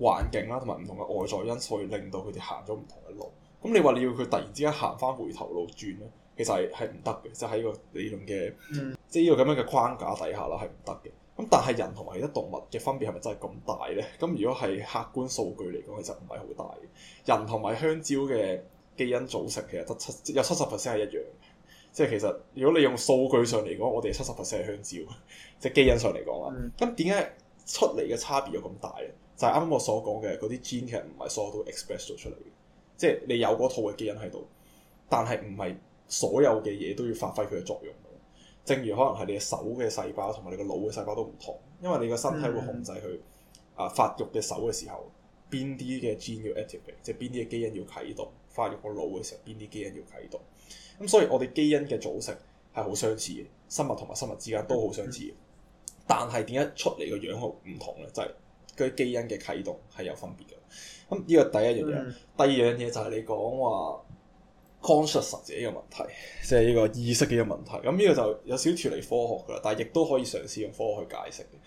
環境啦，同埋唔同嘅外在因素，令到佢哋行咗唔同嘅路。咁你話你要佢突然之間行翻回頭路轉咧，其實係係唔得嘅，即係喺個理論嘅，嗯、即係呢個咁樣嘅框架底下啦，係唔得嘅。咁但係人同埋其他動物嘅分別係咪真係咁大咧？咁如果係客觀數據嚟講，其實唔係好大嘅。人同埋香蕉嘅基因組成其實得七有七十 percent 係一樣。即係其實，如果你用數據上嚟講，我哋七十 percent 係香蕉；即係基因上嚟講啦，咁點解出嚟嘅差別又咁大呢？就係啱啱我所講嘅嗰啲 gene 其實唔係所有都 express 咗出嚟嘅。即係你有嗰套嘅基因喺度，但係唔係所有嘅嘢都要發揮佢嘅作用。正如可能係你嘅手嘅細胞同埋你個腦嘅細胞都唔同，因為你個身體會控制佢啊、mm. 呃、發育嘅手嘅時候，邊啲嘅 gene 要 a c t i v a t 即係邊啲嘅基因要啟動；發育個腦嘅時候，邊啲基因要啟動。咁所以我哋基因嘅組成係好相似嘅，生物同埋生物之間都好相似嘅。但係點解出嚟嘅樣好唔同咧？就係、是、佢基因嘅啟動係有分別嘅。咁、這、呢個第一樣嘢，嗯、第二樣嘢就係你講話 consciousness 呢個問題，即係呢、就是、個意識嘅一個問題。咁呢、這個就有少少脫離科學噶啦，但係亦都可以嘗試用科學去解釋，嘅。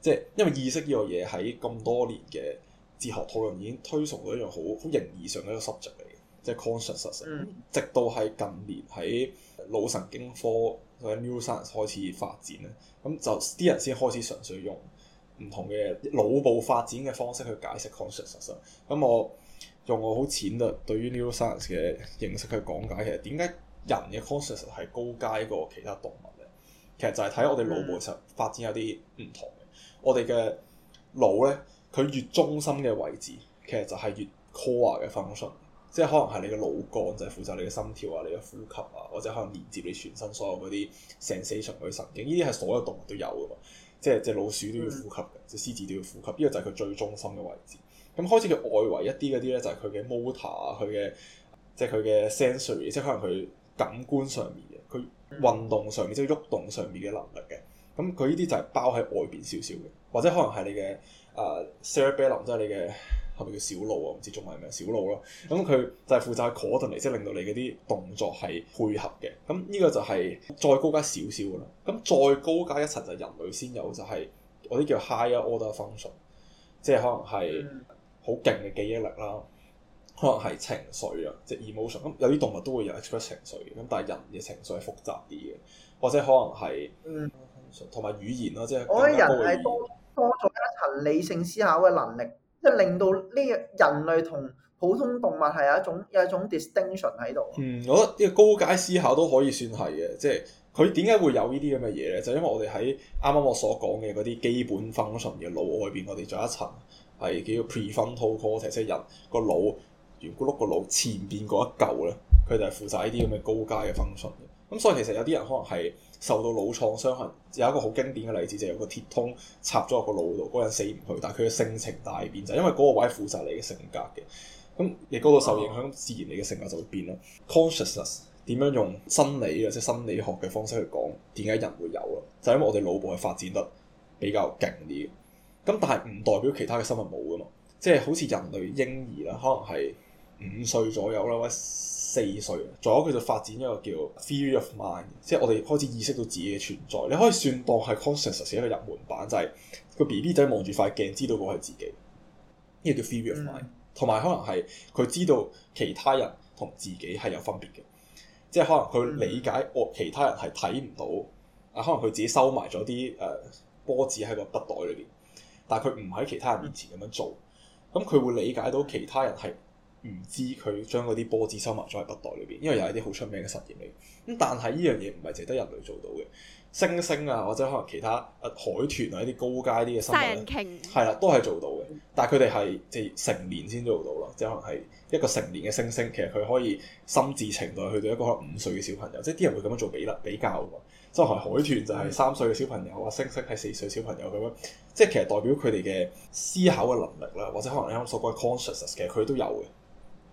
即係因為意識呢樣嘢喺咁多年嘅哲學討論已經推崇到一樣好好形而上嘅一個實質嚟。即係 consciousness。直到喺近年喺腦神經科或者、mm hmm. neuroscience 開始發展咧，咁就啲人先開始純粹用唔同嘅腦部發展嘅方式去解釋 consciousness。咁我用我好淺嘅對於 neuroscience 嘅認識去講解，其實點解人嘅 consciousness 係高階過其他動物咧？其實就係睇我哋腦部發展有啲唔同嘅。我哋嘅腦咧，佢越中心嘅位置，其實就係越 core 嘅 function。即係可能係你嘅腦幹就係、是、負責你嘅心跳啊、你嘅呼吸啊，或者可能連接你全身所有嗰啲 sensation 嗰啲神經，呢啲係所有動物都有嘅嘛，即係隻老鼠都要呼吸嘅，隻、嗯、獅子都要呼吸，呢、這個就係佢最中心嘅位置。咁開始佢外圍一啲嗰啲咧，就係佢嘅 motor 啊，佢嘅即係佢嘅 sensory，即係可能佢感官上面嘅，佢運動上面，即係喐動，動上面嘅能力嘅。咁佢呢啲就係包喺外邊少少嘅，或者可能係你嘅誒、uh, cerebellum 即係你嘅。係咪叫小腦啊？唔知仲係咩小腦咯。咁佢就係負責 call 到嚟，即係令到你嗰啲動作係配合嘅。咁呢個就係再高階少少啦。咁再高階一層就係人類先有，就係嗰啲叫 higher order function，即係可能係好勁嘅記憶力啦，可能係情緒啊，即係 emotion。咁有啲動物都會有 express 情緒嘅，咁但係人嘅情緒係複雜啲嘅，或者可能係同埋語言咯，即係我覺得人係多多咗一層理性思考嘅能力。即係令到呢人類同普通動物係有一種有一種 distinction 喺度。嗯，我覺得呢個高階思考都可以算係嘅。即係佢點解會有呢啲咁嘅嘢咧？就因為我哋喺啱啱我所講嘅嗰啲基本 function 嘅腦外邊，我哋仲有一層係叫做 prefrontal cortex，即係人個腦圓咕碌個腦前邊嗰一嚿咧，佢就係負責呢啲咁嘅高階嘅 function 嘅。咁所以其實有啲人可能係。受到腦創傷，痕，有一個好經典嘅例子，就係、有個鐵通插咗入個腦度，嗰人死唔去，但係佢嘅性情大變，就係因為嗰個位負責你嘅性格嘅。咁你嗰個受影響，自然你嘅性格就會變咯。啊、Consciousness 點樣用生理啊，即係心理學嘅方式去講，點解人會有啊？就係、是、因為我哋腦部係發展得比較勁啲嘅。咁但係唔代表其他嘅生物冇噶嘛，即係好似人類嬰兒啦，可能係。五歲左右啦，或者四歲，仲有，佢就發展一個叫 theory of mind，即係我哋開始意識到自己嘅存在。你可以算當係 conscious 寫一個入門版，就係、是、個 B B 仔望住塊鏡，知道嗰係自己，呢、這個叫 theory of mind、嗯。同埋可能係佢知道其他人同自己係有分別嘅，即係可能佢理解我其他人係睇唔到，啊可能佢自己收埋咗啲誒波子喺個筆袋裏邊，但係佢唔喺其他人面前咁樣做，咁佢會理解到其他人係。唔知佢將嗰啲波子收埋咗喺筆袋裏邊，因為有一啲好出名嘅實驗嚟。咁但係呢樣嘢唔係淨係得人類做到嘅，嗯、猩猩啊或者可能其他、啊、海豚啊呢啲高階啲嘅生物，係啦 ion 都係做到嘅。但係佢哋係即係成年先做到咯，即係可能係一個成年嘅猩猩。其實佢可以心智程度係去到一個可能五歲嘅小朋友，即係啲人會咁樣做比較比較即海豚就係三歲嘅小朋友，哇、嗯、猩猩係四歲小朋友咁樣，即係其實代表佢哋嘅思考嘅能力啦，或者可能啱啱所講嘅 consciousness 其實佢都有嘅。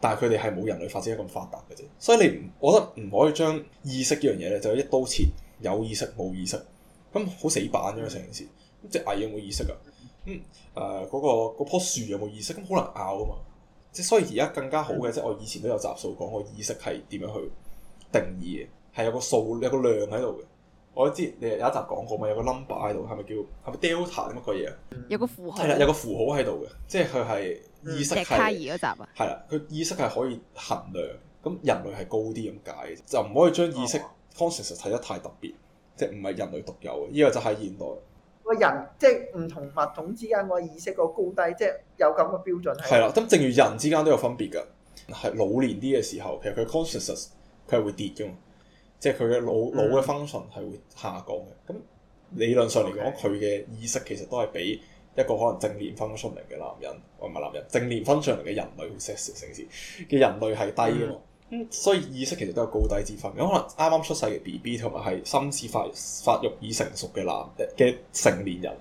但係佢哋係冇人類發展得咁發達嘅啫，所以你唔，我覺得唔可以將意識呢樣嘢咧，就一刀切有意識冇意識，咁好死板啫嘛成件事。咁隻蟻有冇意識啊？嗯，誒嗰個嗰棵樹有冇意識？咁好難拗啊嘛，即係所以而家更加好嘅，嗯、即係我以前都有集數講個意識係點樣去定義嘅，係有個數有個量喺度嘅。我知你有一集講過嘛，有個 number 喺度，係咪叫係咪 Delta 乜鬼嘢？有個符號，係啦，有個符號喺度嘅，即係佢係意識。石卡爾嗰集啊，係啦，佢意識係可以衡量，咁人類係高啲咁解，就唔可以將意識 consciousness 睇得太特別，即係唔係人類獨有嘅。呢個就係現代個人，即係唔同物種之間個意識個高低，即係有咁嘅標準。係啦，咁正如人之間都有分別㗎，係老年啲嘅時候，其實佢 consciousness 佢係會跌㗎嘛。即係佢嘅腦腦嘅 function 係會下降嘅，咁理論上嚟講，佢嘅 Okay. 意識其實都係比一個可能正年 function 嚟嘅男人，我唔係男人，正年 function 嚟嘅人類去 sex 成事嘅人類係低嘅，Yeah. 所以意識其實都有高低之分。咁可能啱啱出世嘅 BB 同埋係心智發發育已成熟嘅男嘅成年人，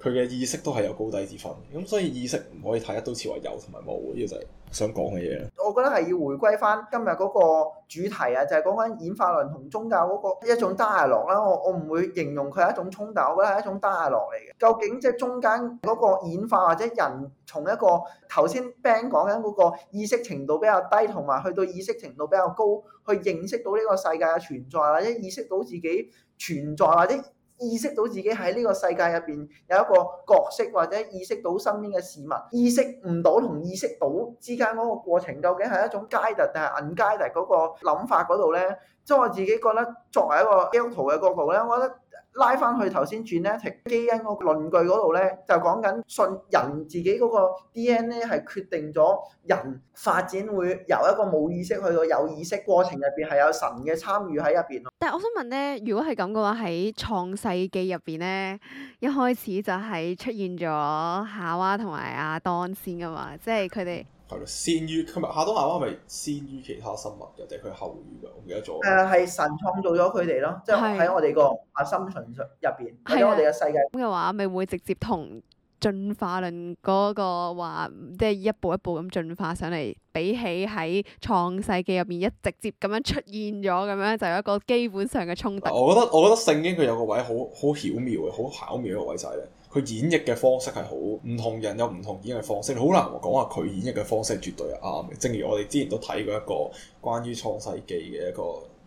佢嘅意識都係有高低之分，咁所以意識唔可以太一刀切為有同埋冇，呢個就係想講嘅嘢。我覺得係要回歸翻今日嗰個主題啊，就係講緊演化論同宗教嗰個一種 dialog 啦。我我唔會形容佢係一種衝突，我覺得係一種 dialog 嚟嘅。究竟即係中間嗰個演化或者人從一個頭先 Ben 講緊嗰個意識程度比較低，同埋去到意識程度比較高，去認識到呢個世界嘅存在，或者意識到自己存在，或者，意識到自己喺呢個世界入邊有一個角色，或者意識到身邊嘅事物，意識唔到同意識到之間嗰個過程，究竟係一種 guided 定係 unguided 嗰個諗法嗰度呢？即係我自己覺得作為一個基督徒嘅角度呢，我覺得。拉翻去頭先轉呢基因嗰論據嗰度咧，就講緊信人自己嗰個 DNA 係決定咗人發展會由一個冇意識去到有意識過程入邊，係有神嘅參與喺入邊咯。但係我想問咧，如果係咁嘅話，喺創世記入邊咧，一開始就係出現咗夏娃同埋亞當先噶嘛？即係佢哋。係咯，先於佢咪亞當夏娃係咪先於其他生物嘅，定係佢後於嘅？我唔記得咗。誒係、呃、神創造咗佢哋咯，即係喺是我哋個亞心神入邊，喺的我哋嘅世界咁嘅話，咪會直接同進化論嗰個話，即、就、係、是、一步一步咁進化上嚟，比起喺創世記入邊一直接咁樣出現咗，咁樣就有一個基本上嘅衝突。我覺得我覺得聖經佢有個位好好巧妙嘅，好巧妙嘅位曬咧。佢演繹嘅方式係好唔同，人有唔同演繹嘅方式，好難講話佢演繹嘅方式係絕對係啱嘅。正如我哋之前都睇過一個關於創世記嘅一個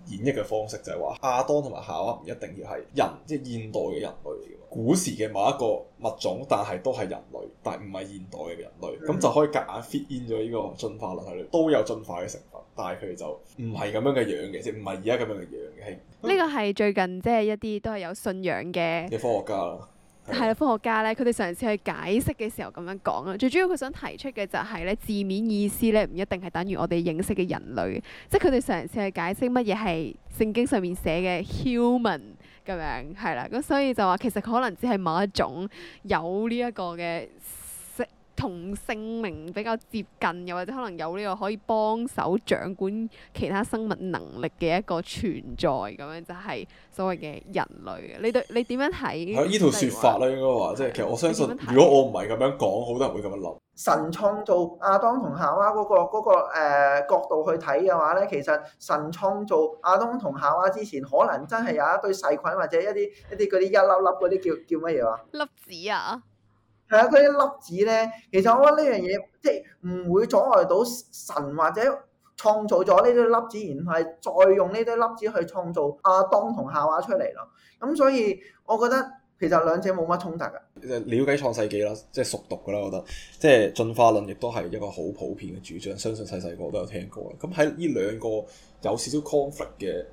演繹嘅方式，就係、是、話亞當同埋夏娃唔一定要係人，即係現代嘅人類嚟嘅，古時嘅某一個物種，但係都係人類，但唔係現代嘅人類，咁、嗯、就可以夾硬，硬 fit in 咗呢個進化論喺度，都有進化嘅成分，但係佢哋就唔係咁樣嘅樣嘅，即唔係而家咁樣嘅樣嘅。呢個係最近即係一啲都係有信仰嘅嘅科學家啦。係啦，科學家咧，佢哋嘗試去解釋嘅時候咁樣講啦，最主要佢想提出嘅就係咧，字面意思咧，唔一定係等於我哋認識嘅人類，即係佢哋嘗試去解釋乜嘢係聖經上面寫嘅 human 咁樣，係啦，咁所以就話其實可能只係某一種有呢一個嘅。同性命比較接近，又或者可能有呢個可以幫手掌管其他生物能力嘅一個存在咁樣，就係所謂嘅人類嘅。你對你點樣睇？呢套説法啦，應該話即係其實我相信，如果我唔係咁樣講，好多人會咁樣諗。神創造亞當同夏娃嗰個嗰個呃角度去睇嘅話咧，其實神創造亞當同夏娃之前，可能真係有一堆細菌或者一啲一啲嗰啲一粒粒嗰啲叫叫乜嘢啊？粒子啊！係啊，佢啲粒子咧，其實我覺得呢樣嘢即係唔會阻礙到神或者創造咗呢堆粒子，然後再用呢堆粒子去創造亞當同夏娃出嚟咯。咁所以我覺得其實兩者冇乜衝突嘅。瞭解創世記啦，即係熟讀㗎啦，我覺得。即係進化論亦都係一個好普遍嘅主張，相信細細個都有聽過。咁喺呢兩個有少少 conflict 嘅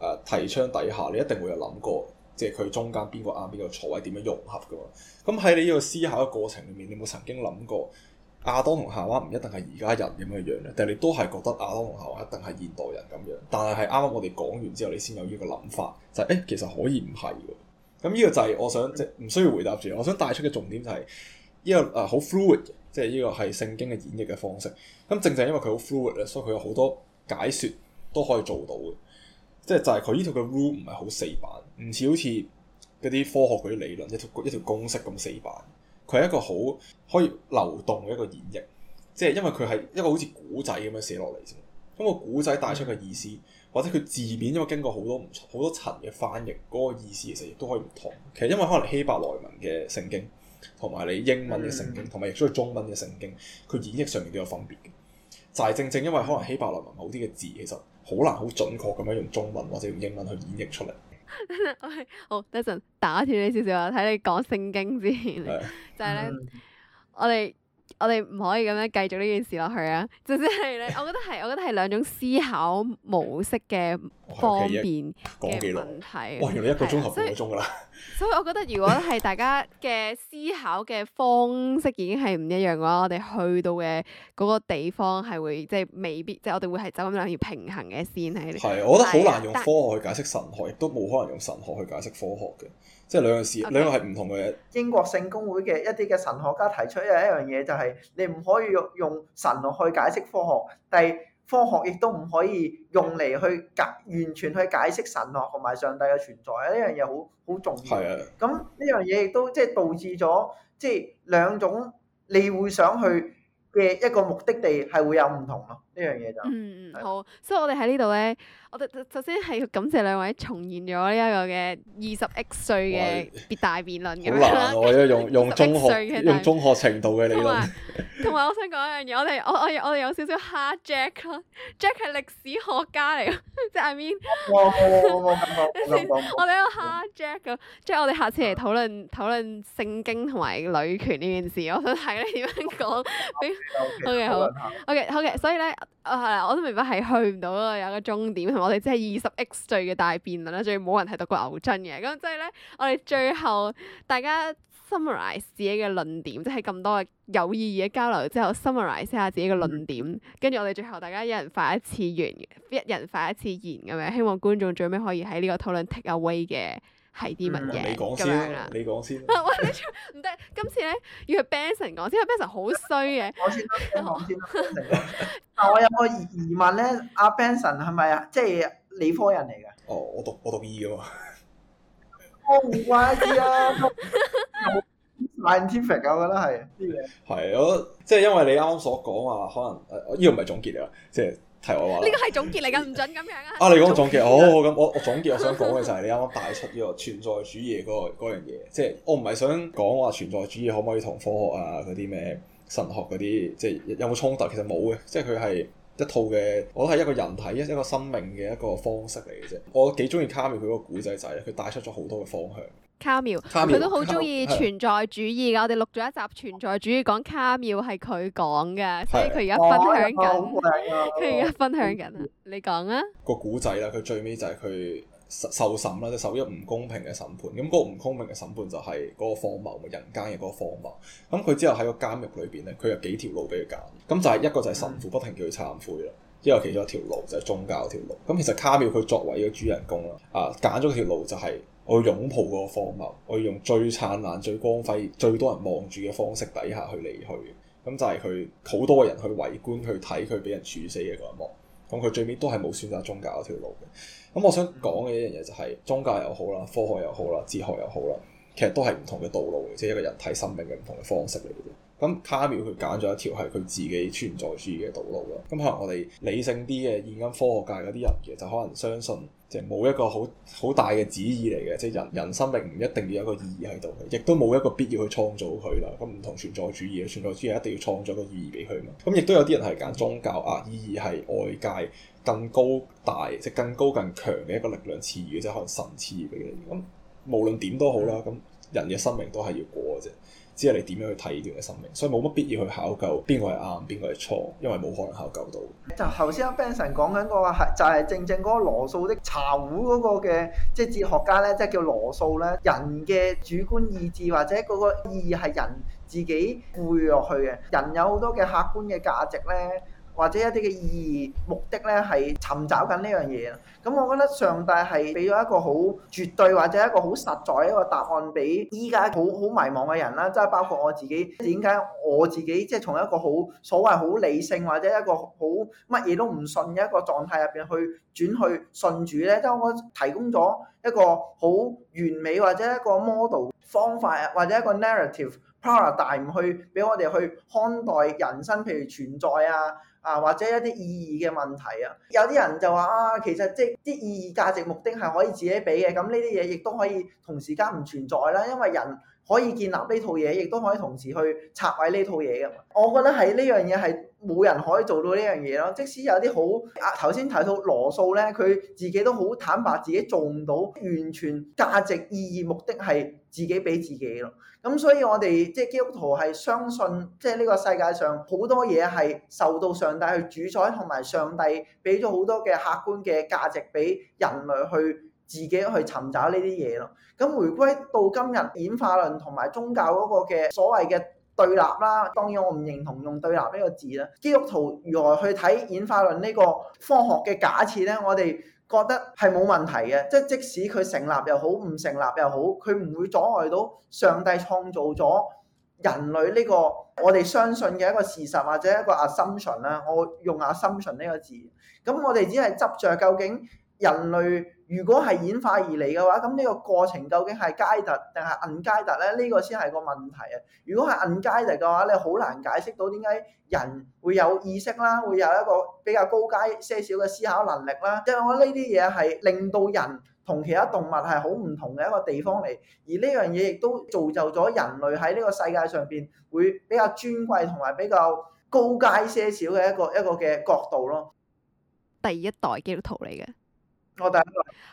誒提倡底下，你一定會有諗過。即係佢中間邊個啱邊個錯，或者點樣融合噶？咁喺你呢個思考嘅過程裏面，你有冇曾經諗過亞當同夏娃唔一定係而家人咁樣樣咧？但係你都係覺得亞當同夏娃一定係現代人咁樣。但係係啱啱我哋講完之後，你先有呢個諗法，就誒、是欸，其實可以唔係嘅。咁呢個就係我想即唔、就是、需要回答住。我想帶出嘅重點就係、是、呢個啊好 fluid 嘅，即係呢個係聖經嘅演繹嘅方式。咁正正因為佢好 fluid 咧，所以佢有好多解說都可以做到嘅。即係就係佢呢度嘅 rule 唔係好死板。唔似好似嗰啲科學嗰啲理論，一條一條公式咁死板，佢係一個好可以流動嘅一個演繹，即係因為佢係一個好似古仔咁樣寫落嚟先，咁個古仔帶出嘅意思，或者佢字面因為經過好多唔好多層嘅翻譯，嗰、那個意思其實亦都可以唔同。其實因為可能希伯來文嘅聖經同埋你英文嘅聖經，同埋亦都係中文嘅聖經，佢演繹上面都有分別嘅。就係、是、正正因為可能希伯來文好啲嘅字，其實好難好準確咁樣用中文或者用英文去演繹出嚟。我係 <laughs> <laughs> 好，等一陣打斷你少少啊，睇你講聖經先， <laughs> 就係咧呢， <noise> 我哋。我哋唔可以咁樣繼續呢件事落去啊！就即係咧，我覺得係，我覺得係兩種思考模式嘅方便嘅問題。哇！哦、原來一個鐘頭半個鐘㗎啦！所以我覺得，如果係大家嘅思考嘅方式已經係唔一樣嘅話， <laughs> 我哋去到嘅嗰個地方係會即係未必，即係我哋會係走咁兩條平衡嘅先。喺度。係，我覺得好難用科學去解釋神學，但亦都冇可能用神學去解釋科學嘅。即係兩樣事，兩個係唔同嘅嘢。英國聖公會嘅一啲嘅神學家提出一一樣嘢，就係你唔可以用用神學去解釋科學，但係科學亦都唔可以用嚟去解完全去解釋神學同埋上帝嘅存在啊！呢樣嘢好好重要。係啊的。咁呢樣嘢亦都即係導致咗，即係兩種你會想去嘅一個目的地係會有唔同咯。呢樣嘢就係，嗯嗯好，所以我哋喺呢度咧。我哋首先係要感謝兩位重現咗呢一個嘅二十 X 歲嘅別大辯論咁樣。好 acceptable <laughs> 難喎、哦，要用用中學用中學程度嘅理論。同埋，我想講一樣嘢，我哋我我哋有少少 hard Jack 咯。Jack 係歷史學家嚟，即係 I mean <laughs> 我。我哋我我 hard Jack 我即我 <laughs> 我哋下 <laughs> 次嚟討論討論聖經同埋女權呢件事。我想睇你點樣講 OK 好 OK 好嘅。所以呢，我都明白係去唔到嗰個有個終點同埋我哋即係二十 X 歲嘅大辯論啦，仲要冇人係讀過牛津嘅，咁即係咧，我哋最後大家 summarize 自己嘅論點，即係咁多有意義嘅交流之後，summarise 下自己嘅論點，跟住、嗯、我哋最後大家一人發一次言，一人發一次言咁樣，希望觀眾最尾可以喺呢個討論 take away 嘅。係啲乜嘢咁樣啦？你講先，我 <laughs> 你做唔得？今次咧要係 Benson 講先，因為 Benson 好衰嘅。我先 <laughs> 得，我先停。我有個疑問咧，阿 Benson 係咪啊？即係理科人嚟㗎。哦，我讀我讀醫啊嘛，科糊啲啊，買五千 percent 嘅啦，係啲嘢。係，我即係因為你啱啱所講話，可能誒，呢個唔係總結嚟啊，即係。呢個係總結嚟㗎，唔準咁樣啊！啊，你講總結，哦，咁我我總結我想講嘅就係你啱啱帶出呢個存在主義嗰、那個樣嘢， <laughs> 即係我唔係想講話存在主義可唔可以同科學啊嗰啲咩神學嗰啲，即係有冇衝突？其實冇嘅，即係佢係。一套嘅，我都係一個人體一一個生命嘅一個方式嚟嘅啫。我幾中意卡妙佢個古仔仔，佢帶出咗好多嘅方向。卡妙，卡妙，佢都好中意存在主義㗎。的我哋錄咗一集存在主義講卡妙係佢講嘅，的所以佢而家分享緊。佢而家分享緊，那個、你講啊個古仔啦，佢最尾就係佢。受審啦，即係受一唔公平嘅審判。咁嗰個唔公平嘅審判就係嗰個荒謬，人間嘅嗰個荒謬。咁佢之後喺個監獄裏邊咧，佢有幾條路俾佢揀。咁就係一個就係神父不停叫佢懺悔啦。之後其中一條路就係宗教條路。咁其實卡妙佢作為呢個主人公啦，啊，揀咗條路就係我要擁抱嗰個荒謬，我要用最燦爛、最光輝、最多人望住嘅方式底下去離去。咁就係佢好多嘅人去圍觀去睇佢俾人處死嘅嗰一幕。咁佢最尾都係冇選擇宗教嗰條路嘅。咁我想講嘅一樣嘢就係宗教又好啦，科學又好啦，哲學又好啦，其實都係唔同嘅道路，即係一個人體生命嘅唔同嘅方式嚟嘅。咁卡妙佢揀咗一條係佢自己存在主義嘅道路啦。咁可能我哋理性啲嘅現今科學界嗰啲人嘅就可能相信就，即係冇一個好好大嘅旨意嚟嘅，即係人人生命唔一定要有一個意義喺度，亦都冇一個必要去創造佢啦。咁唔同存在主義嘅存在主義一定要創造個意義俾佢嘛。咁亦都有啲人係揀宗教啊，意義係外界，更高大，即更高更強嘅一個力量賜予嘅，即係可能神賜予俾你。咁無論點都好啦，咁人嘅生命都係要過嘅啫，只係你點樣去睇呢段嘅生命。所以冇乜必要去考究邊個係啱，邊個係錯，因為冇可能考究到就。就頭先阿 Benson 講緊嗰個話就係正正嗰個羅素的茶壺嗰個嘅即係哲學家咧，即係叫羅素咧，人嘅主觀意志或者嗰個意義係人自己賦落去嘅。人有好多嘅客觀嘅價值咧。或者一啲嘅意義目的咧，係尋找緊呢樣嘢。咁、嗯、我覺得上帝係俾咗一個好絕對，或者一個好實在一個答案，俾依家好好迷茫嘅人啦。即係包括我自己點解我自己即係從一個好所謂好理性或者一個好乜嘢都唔信嘅一個狀態入邊去轉去信主咧，即係我提供咗一個好完美或者一個 model 方法，或者一個 narrative paradigm 去俾我哋去看待人生，譬如存在啊。啊，或者一啲意義嘅問題啊，有啲人就話啊，其實即啲意義價值目的係可以自己俾嘅，咁呢啲嘢亦都可以同時間唔存在啦，因為人可以建立呢套嘢，亦都可以同時去拆毀呢套嘢嘅。我覺得喺呢樣嘢係。冇人可以做到呢樣嘢咯。即使有啲好，啊，頭先提到羅素咧，佢自己都好坦白，自己做唔到完全價值意義目的係自己俾自己咯。咁所以我哋即係基督徒係相信，即係呢個世界上好多嘢係受到上帝去主宰，同埋上帝俾咗好多嘅客觀嘅價值俾人類去自己去尋找呢啲嘢咯。咁回歸到今日演化論同埋宗教嗰個嘅所謂嘅。對立啦，當然我唔認同用對立呢個字啦。基督徒如何去睇演化論呢個科學嘅假設呢？我哋覺得係冇問題嘅，即係即使佢成立又好，唔成立又好，佢唔會阻礙到上帝創造咗人類呢個我哋相信嘅一個事實或者一個 assumption 啦。我用 assumption 呢個字，咁我哋只係執着究竟人類。如果係演化而嚟嘅話，咁呢個過程究竟係 guided 定係 unguided 咧？呢、呢個先係個問題啊！如果係 unguided 嘅話，你好難解釋到點解人會有意識啦，會有一個比較高階些少嘅思考能力啦。因為我覺得呢啲嘢係令到人同其他動物係好唔同嘅一個地方嚟，而呢樣嘢亦都造就咗人類喺呢個世界上邊會比較尊貴同埋比較高階些少嘅一個一個嘅角度咯。第一代基督徒嚟嘅。我第一代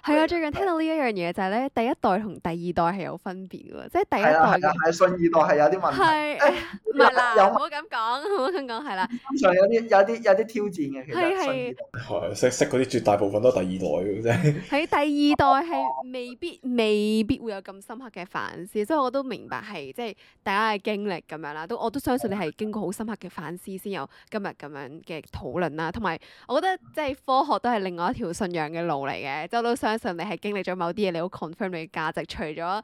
係啊，最近聽到呢一樣嘢就係、是、咧，第一代同第二代係有分別嘅喎，即係第一代嘅，係信二代係有啲問題，唔係的、哎、啦，唔好咁講，唔好咁講，係啦，通常有啲有啲有啲挑戰嘅，其實係識識嗰啲絕大部分都係第二代嘅，真喺第二代係未必 <laughs> 未必會有咁深刻嘅反思，所以我都明白係即係大家嘅經歷咁樣啦，都我都相信你係經過好深刻嘅反思先有今日咁樣嘅討論啦，同埋我覺得即係科學都係另外一條信仰嘅路嚟。嚟嘅，即我都相信你係經歷咗某啲嘢，你好 confirm 你嘅價值。除咗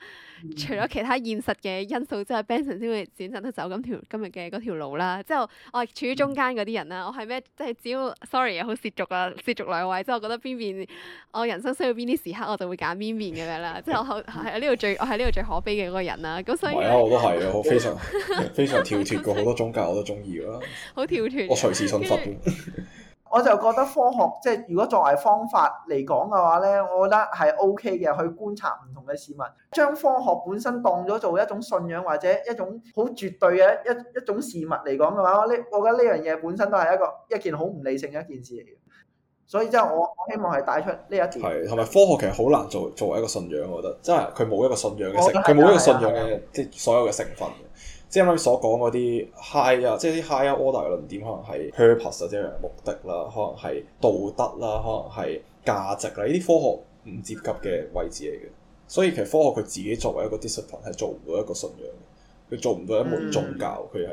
除咗其他現實嘅因素之外、嗯、Benson 先會選擇得走咁條今日嘅嗰條路啦。之後我係處於中間嗰啲人啦，我係咩？即係、就是、只要 sorry，好世俗啊，世俗兩位。即我覺得邊邊我人生需要邊啲時刻，我就會揀邊邊咁樣啦。 <laughs> 即我好喺呢度最，我喺呢度最可悲嘅嗰個人啦。咁所以，啊、我都係啊，我非常 <laughs> 非常跳脱過好多宗教，我都中意啦。好跳脱，我隨時信佛。我就覺得科學即係如果作為方法嚟講嘅話呢，我覺得係 O K 嘅，去觀察唔同嘅事物。將科學本身當咗做一種信仰或者一種好絕對嘅一一種事物嚟講嘅話，我呢我覺得呢樣嘢本身都係一個一件好唔理性嘅一件事嚟嘅。所以即係我我希望係帶出呢一點係，同埋科學其實好難做作為一個信仰，我覺得真係佢冇一個信仰嘅成，佢冇一個信仰嘅即所有嘅成分。即係啱啱所講嗰啲 high 啊，即係啲 high order 嘅論點，可能係 purpose 啊，即係目的啦，可能係道德啦，可能係價值啦，呢啲科學唔涉及嘅位置嚟嘅。所以其實科學佢自己作為一個 discipline 係做唔到一個信仰嘅，佢做唔到一門宗教，佢係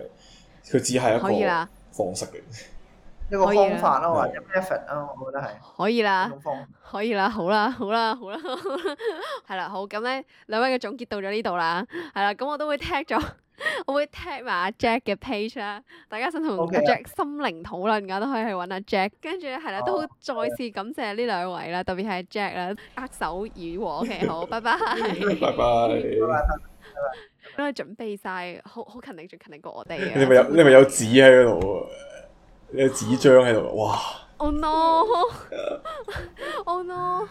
佢只係一個方式嘅式一個方法咯，或者 method 咯，啊，我覺得係可以啦吧，可以啦，好啦，好啦， <laughs> 好啦，係啦，好，咁呢，兩位嘅總結到咗呢度啦，係啦，咁我都會聽咗。我會 tag 埋阿 Jack 嘅 page 啦，大家想同阿 Jack 心靈討論嘅都可以去揾阿 Jack，跟住咧係啦，都好再次感謝呢兩位啦，特別係 Jack 啦，握手言和嘅好，拜拜，拜拜，拜拜，拜拜，都係準備晒，好好勤力，最勤力過我哋。你咪有，你咪有紙喺度啊？你有紙張喺度，哇！Oh no！Oh no！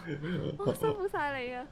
辛苦晒你啊！